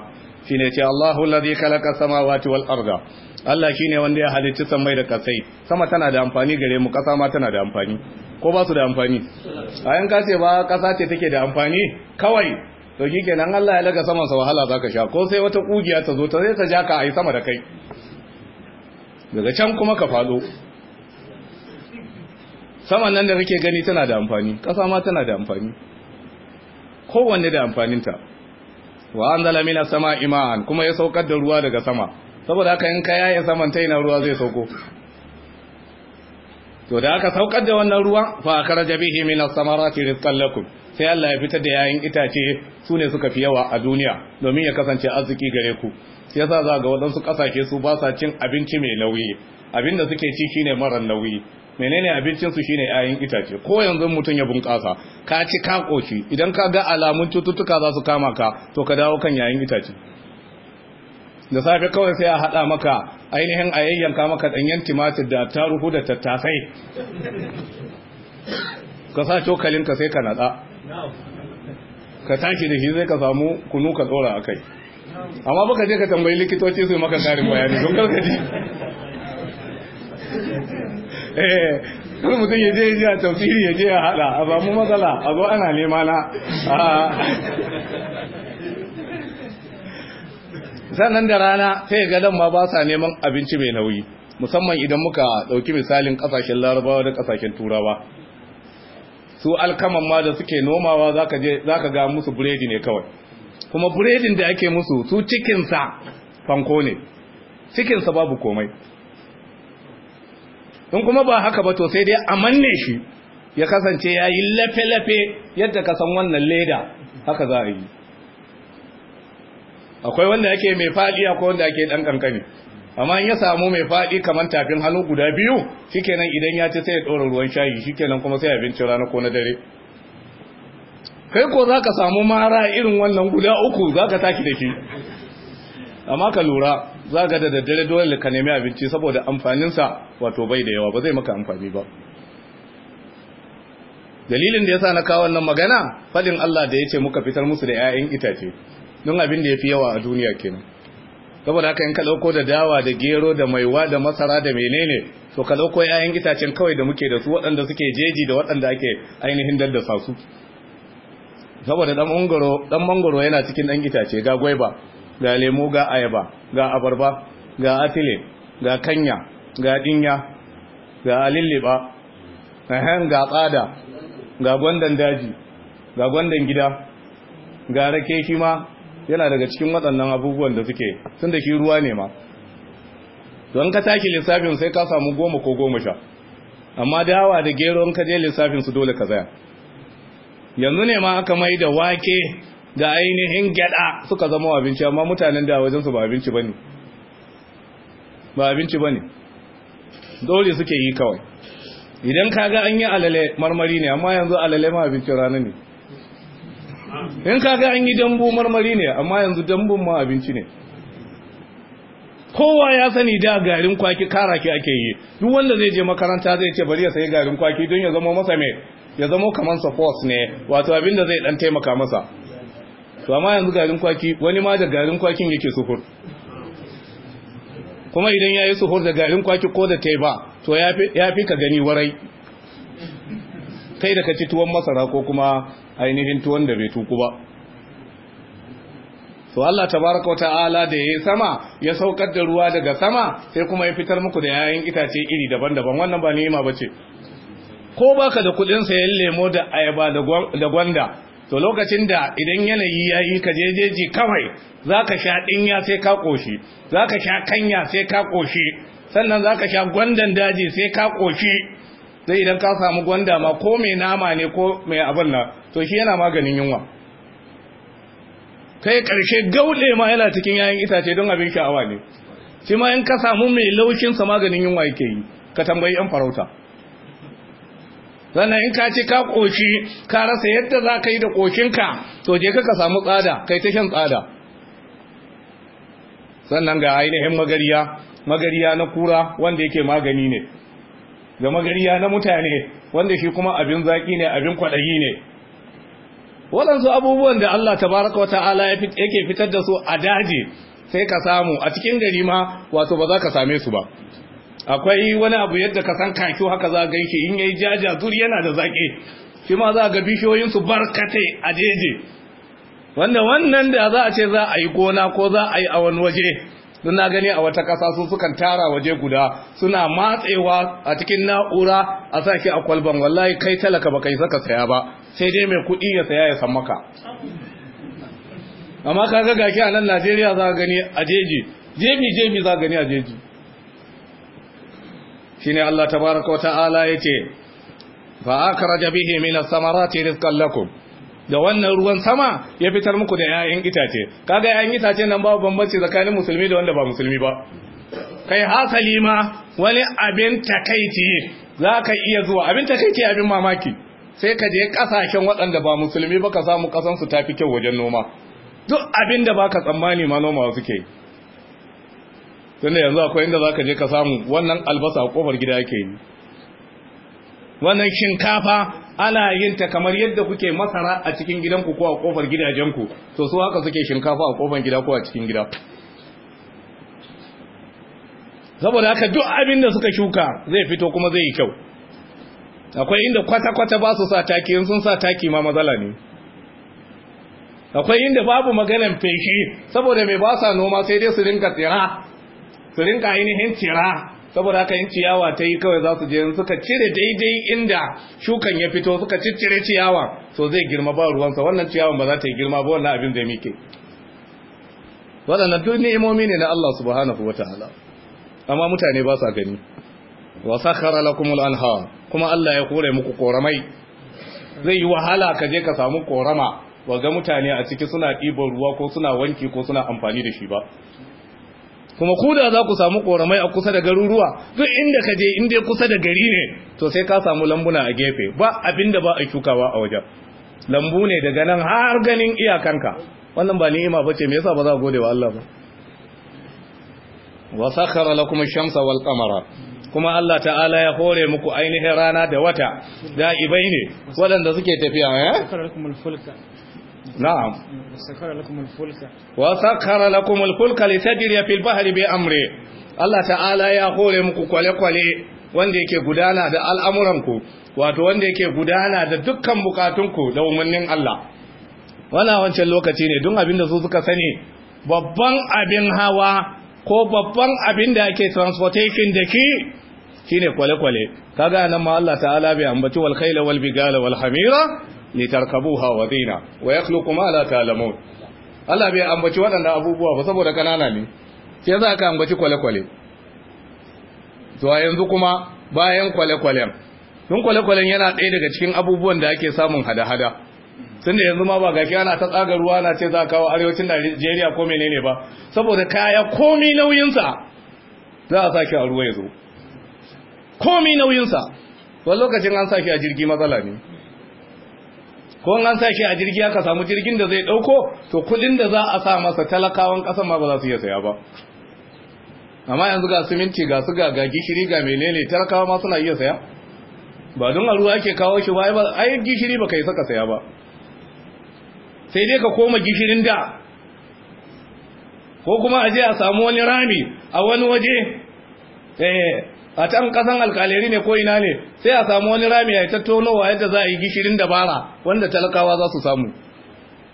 shine ce Allahu allazi khalaqa samawati wal arda Allah shine wanda ya halitta samai da kasai sama tana da amfani gare mu kasa ma tana da amfani ko ba su da amfani a 'yan kace ba kasa ce take da amfani kawai to shikenan Allah ya laga saman sa wahala zaka sha ko sai wata kugiya ta zo ta zai ta ja ka ai sama da kai daga can kuma ka fado saman nan da kake gani tana da amfani ƙasa ma tana da amfani kowanne da amfaninta wa anzala minas samaa sama ima'an kuma ya saukar da ruwa daga sama saboda haka in ka yaye saman ta ruwa zai sauko to da aka saukar da wannan ruwa fa kharaja bihi minas samarati rizqan lakum sai Allah ya fitar da yayin itace su ne suka fi yawa a duniya domin ya kasance arziki gare ku sai yasa za ga waɗansu ƙasashe su ba sa cin abinci mai nauyi abinda suke ci shine marar nauyi menene abincin su shine 'ya'yan itace ko yanzu mutum ya bunƙasa ka ci ka koshi idan ka ga alamun cututtuka za su kama ka to ka dawo kan 'ya'yan itace da safe kawai sai a haɗa maka ainihin a yayyanka maka ɗanyen timatir da taruhu da tattasai ka sa cokalinka sai ka naɗa ka tashi da shi zai ka samu kunu ka tsora a kai amma baka je ka tambayi likitoci su maka karin bayani don karkaji eh mutum ya je ya jiya a ya je ya hada a mu matsala a zo ana nema na ah. sannan da rana sai ga dan ma ba sa neman abinci mai nauyi musamman idan muka dauki misalin kasashen larabawa da kasashen turawa su alkaman ma da suke nomawa zaka je ga musu buredi ne kawai kuma buredin da ake musu su cikin sa fanko ne cikin babu komai in kuma ba haka ba to sai dai a manne shi ya kasance ya yi lafe-lafe yadda ka san wannan leda haka za a yi akwai wanda yake mai faɗi akwai wanda yake ɗan ƙanƙani amma in ya samu mai faɗi kamar tafin hannu guda biyu shikenan idan ya ci sai ya ɗora ruwan shayi shikenan kuma sai binci rana ko na dare kai ko za ka samu mara irin wannan guda uku za ka taki da shi amma ka lura za ga da daddare dole ka nemi abinci saboda amfaninsa wato bai da yawa ba zai maka amfani ba dalilin da ya sa na kawo wannan magana faɗin Allah da ya ce muka fitar musu da 'ya'yan itace don abin da ya fi yawa a duniya kenan saboda haka in ka dauko da dawa da gero da maiwa da masara da menene to ka dauko 'ya'yan itacen kawai da muke da su waɗanda suke jeji da waɗanda ake ainihin daddasa su saboda dan mangoro yana cikin dan itace ga gwaiba ga lemo, ga ayaba ga abarba ga atile ga kanya ga dinya ga alilliba ga tsada ga gwandan daji ga gwandan gida ga rake shi ma yana daga cikin waɗannan abubuwan da suke sun da shi ruwa ne ma don ka taki lissafin sai ka samu goma ko goma sha amma dawa da gero ka je lissafin su dole ka zaya yanzu ne ma aka mai da wake da ainihin gyada suka zama abinci amma mutanen da wajen su ba abinci bane ba abinci bane dole suke yi kawai idan kaga an yi alale marmari ne amma yanzu alale ma abincin rana ne in kaga an yi dambu marmari ne amma yanzu dambun ma abinci ne kowa ya sani da garin kwaki kara ki ake yi duk wanda zai je makaranta zai ce bari ya sayi garin kwaki don ya zama masa mai ya zama kamar support ne wato abin da zai dan taimaka masa to amma yanzu garin kwaki wani ma da garin kwakin yake suhur kuma idan ya yi suhur da garin kwaki ko da ba, to ya fi ka gani warai kai da ka ci tuwon masara ko kuma ainihin tuwon da bai tuku ba to Allah tabaraka ta'ala da yayi sama ya saukar da ruwa daga sama sai kuma ya fitar muku da yayin itace iri daban-daban wannan ba ni'ima bace ko baka da kudin sayan lemo da ayaba da gwanda to lokacin da idan yanayi ya yi ka jejeji kawai za ka sha ɗinya sai ka ƙoshi za ka sha kanya sai ka ƙoshi sannan za ka sha gwandan daji sai ka ƙoshi sai idan ka samu gwanda ma ko mai nama ne ko mai abin nan to shi yana maganin yunwa kai ƙarshe gauɗe ma yana cikin yayan itace don abin sha'awa ne shi ma in ka samu mai laushinsa maganin yunwa yake yi ka tambayi yan farauta sannan in ka ce ka ƙoshi ka rasa yadda za ka yi da koshinka to je ka samu tsada kai ta shan tsada sannan ga ainihin magariya magariya na kura wanda yake magani ne ga magariya na mutane wanda shi kuma abin zaki ne abin kwaɗayi ne waɗansu abubuwan da Allah tabaraka Ala yake fitar da su a daji sai ka samu a cikin gari ma wato ba za ka same su ba akwai wani abu yadda ka san kakiyo haka za gan shi in yayi jaja zuri yana da zaki shi ma za ga bishiyoyin su barkate a jeje wanda wannan da za a ce za a yi gona ko za a yi a wani waje don na gani a wata kasa su sukan tara waje guda suna matsewa a cikin na'ura a sa a kwalban wallahi kai talaka ba kai saka saya ba sai dai mai kuɗi ya saya ya san maka amma kaga gaki a nan Najeriya za ka gani a jeji jefi jefi za ka gani a jeji shine Allah tabaraka wata'ala yace fa akhraja bihi min as-samarati rizqan lakum da wannan ruwan sama ya fitar muku da 'ya'yan itace kaga 'ya'yan itace nan babu bambanci tsakanin musulmi da wanda ba musulmi ba kai hasali ma wani abin takaici za ka iya zuwa abin takaici abin mamaki sai ka je kasashen waɗanda ba musulmi ba ka samu ƙasansu ta fi kyau wajen noma duk abin da ba tsammani ma noma suke yi tunda yanzu akwai inda za ka je ka samu wannan albasa kofar gida yake yi wannan shinkafa ana yin ta kamar yadda kuke masara a cikin gidanku ko a kofar gidajenku to su haka suke shinkafa a kofar gida ko a cikin gida saboda haka duk abin da suka shuka zai fito kuma zai yi kyau akwai inda kwata-kwata ba su sa taki in sun sa taki ma matsala ne akwai inda babu maganan feshi saboda mai ba sa noma sai dai su rinka tsira su rinka ainihin cira saboda haka in ciyawa ta yi kawai za su je suka cire daidai inda shukan ya fito suka ciccire ciyawa so zai girma ba ruwansa wannan ciyawan ba za ta yi girma ba wannan abin zai mike waɗannan duk ni'imomi ne na Allah subhanahu hala amma mutane ba sa gani wa sakhara lakumul anhar kuma Allah ya kore muku koramai zai yi wahala ka je ka samu korama waga mutane a ciki suna ɗiban ruwa ko suna wanki ko suna amfani da shi ba kuma ku da za ku samu koramai a kusa da garuruwa duk inda ka je inda kusa da gari ne to sai ka samu lambuna a gefe ba abin da ba a shukawa a wajen lambu ne daga nan har ganin iyakanka wannan ba ni'ima bace me yasa ba za gode wa Allah ba wa sakhara lakum ash-shamsa wal qamara kuma Allah ta'ala ya hore muku ainihin rana da wata da'ibai ne waɗanda suke tafiya eh نعم وسخر لكم الفلك وسخر لكم الفلك لتجري في البحر amri Allah ta'ala ya hore muku kwale-kwale wanda yake gudana da al'amuranku wato wanda yake gudana da dukkan bukatunku da umarnin Allah wala wancan lokaci ne don abin da su suka sani babban abin hawa ko babban abin da ake transportation da ke shine kwale-kwale kaga nan ma Allah ta'ala bai ambaci wal khayla wal bigala wal litarkabuha wa dina wa yakhluqu ma la ta'lamun Allah bai ambaci waɗannan abubuwa ba saboda kanana ne sai za ka ambaci kwale-kwale to a yanzu kuma bayan kwale-kwalen tun kwale-kwalen yana ɗaya daga cikin abubuwan da ake samun hada-hada sun da yanzu ma ba gashi ana ta tsaga ruwa na ce za kawo arewacin Najeriya ko menene ba saboda kaya komi nauyinsa za a sake a ruwa ya zo komi nauyinsa wani lokacin an sake a jirgi matsala ne ko an sa shi a jirgi aka samu jirgin da zai dauko to kudin da za a sa masa talakawan kasan ma ba za su iya saya ba amma yanzu ga siminti ga su ga gishiri ga menene talakawa ma suna iya saya ba don a ruwa ake kawo shi ba ai gishiri ba kai saka saya ba sai dai ka koma gishirin da ko kuma a je a samu wani rami a wani waje eh, a can kasan alkaleri ne ko ina ne sai a samu wani rami ya nawa yadda za a yi gishirin dabara wanda talakawa za su samu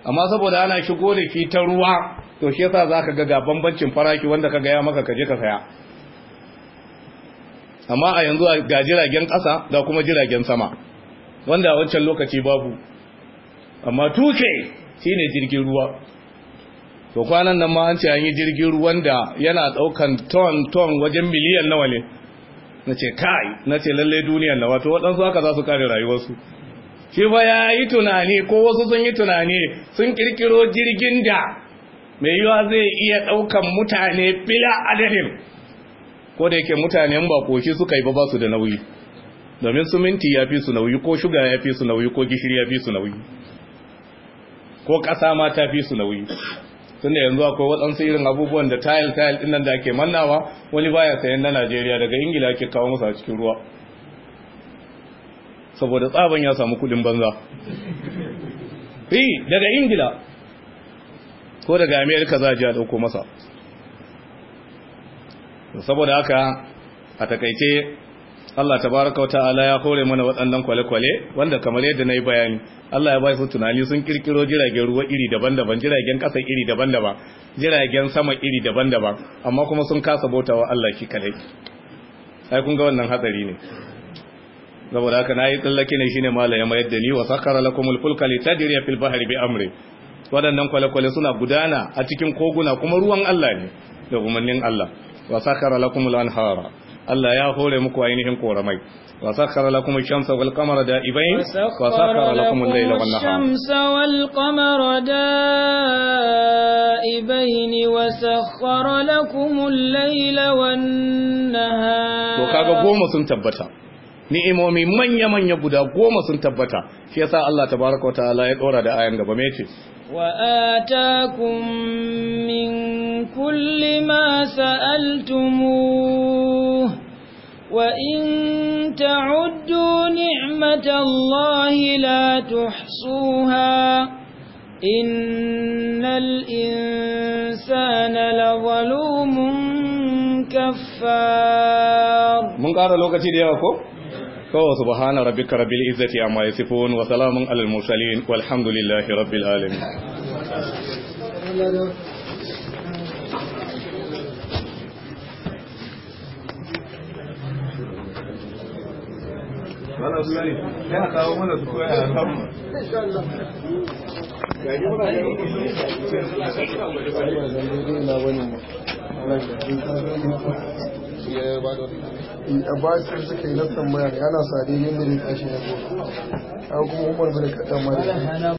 amma saboda ana shigo da shi ta ruwa to shi yasa za ka ga ga bambancin faraki wanda ka gaya maka kaje ka saya amma a yanzu ga jiragen kasa da kuma jiragen sama wanda a wancan lokaci babu amma tuke shine jirgin ruwa to kwanan nan ma an ce an yi jirgin ruwan da yana daukan ton ton wajen miliyan nawa ne na ce kai na ce lallai duniyar na wato waɗansu aka za su kare rayuwarsu shi ba ya yi tunani ko wasu sun yi tunani sun kirkiro jirgin da mai yiwa zai iya ɗaukan mutane bila adadin ko da yake mutane ba shi suka yi ba basu da nauyi domin su minti ya fi su nauyi ko shuga ya fi su nauyi ko gishiri ya fi su nauyi ko ƙasa ma ta fi su nauyi tunda yanzu akwai waɗansu irin abubuwan da tile tile ɗin nan da ake mannawa wani baya sayan na Najeriya daga Ingila ake kawo musu a cikin ruwa saboda tsaban ya samu kuɗin banza fi daga Ingila ko daga amerika za a ji a ɗauko masa saboda haka a takaice Allah tabaraka wa ta'ala ya kore mana waɗannan kwale-kwale wanda kamar yadda na yi bayani Allah ya basu su tunani sun kirkiro jiragen ruwa iri daban-daban jiragen ƙasa iri daban-daban jiragen sama iri daban-daban amma kuma sun kasa bautawa Allah shi kadai ai kun ga wannan hatsari ne saboda haka yi tsallake ne shine mallam ya mayar da ni wa sakara lakumul fulka litadriya fil bahri bi amri waɗannan kwale-kwale suna gudana a cikin koguna kuma ruwan Allah ne da umarnin Allah wa sakara lakumul anhara Allah ya hore muku ainihin koramai wa sakhara lakum ash-shamsa wal qamara da'ibain wa sakhara lakum al-layla wan nahar ash-shamsa wal qamara da'ibain wa sakhara lakum al-layla wan nahar to kaga goma sun tabbata ni'imomi manya-manya guda goma sun tabbata shi yasa Allah tabaraka wataala ya dora da ayan gaba Wa'ata ce wa atakum min kulli ma sa'altumu wa in ta'uddu ni'matallahi la tuhsuha innal insana lazalumun kaffar mun ƙara lokaci da yawa ko سبحان ربك رب العزة عما يصفون وسلام على المرسلين والحمد لله رب العالمين Thank you. basir suka yi na tambaya yana sadi daidai da tashi ya zo kuma umar bin kaɗan mara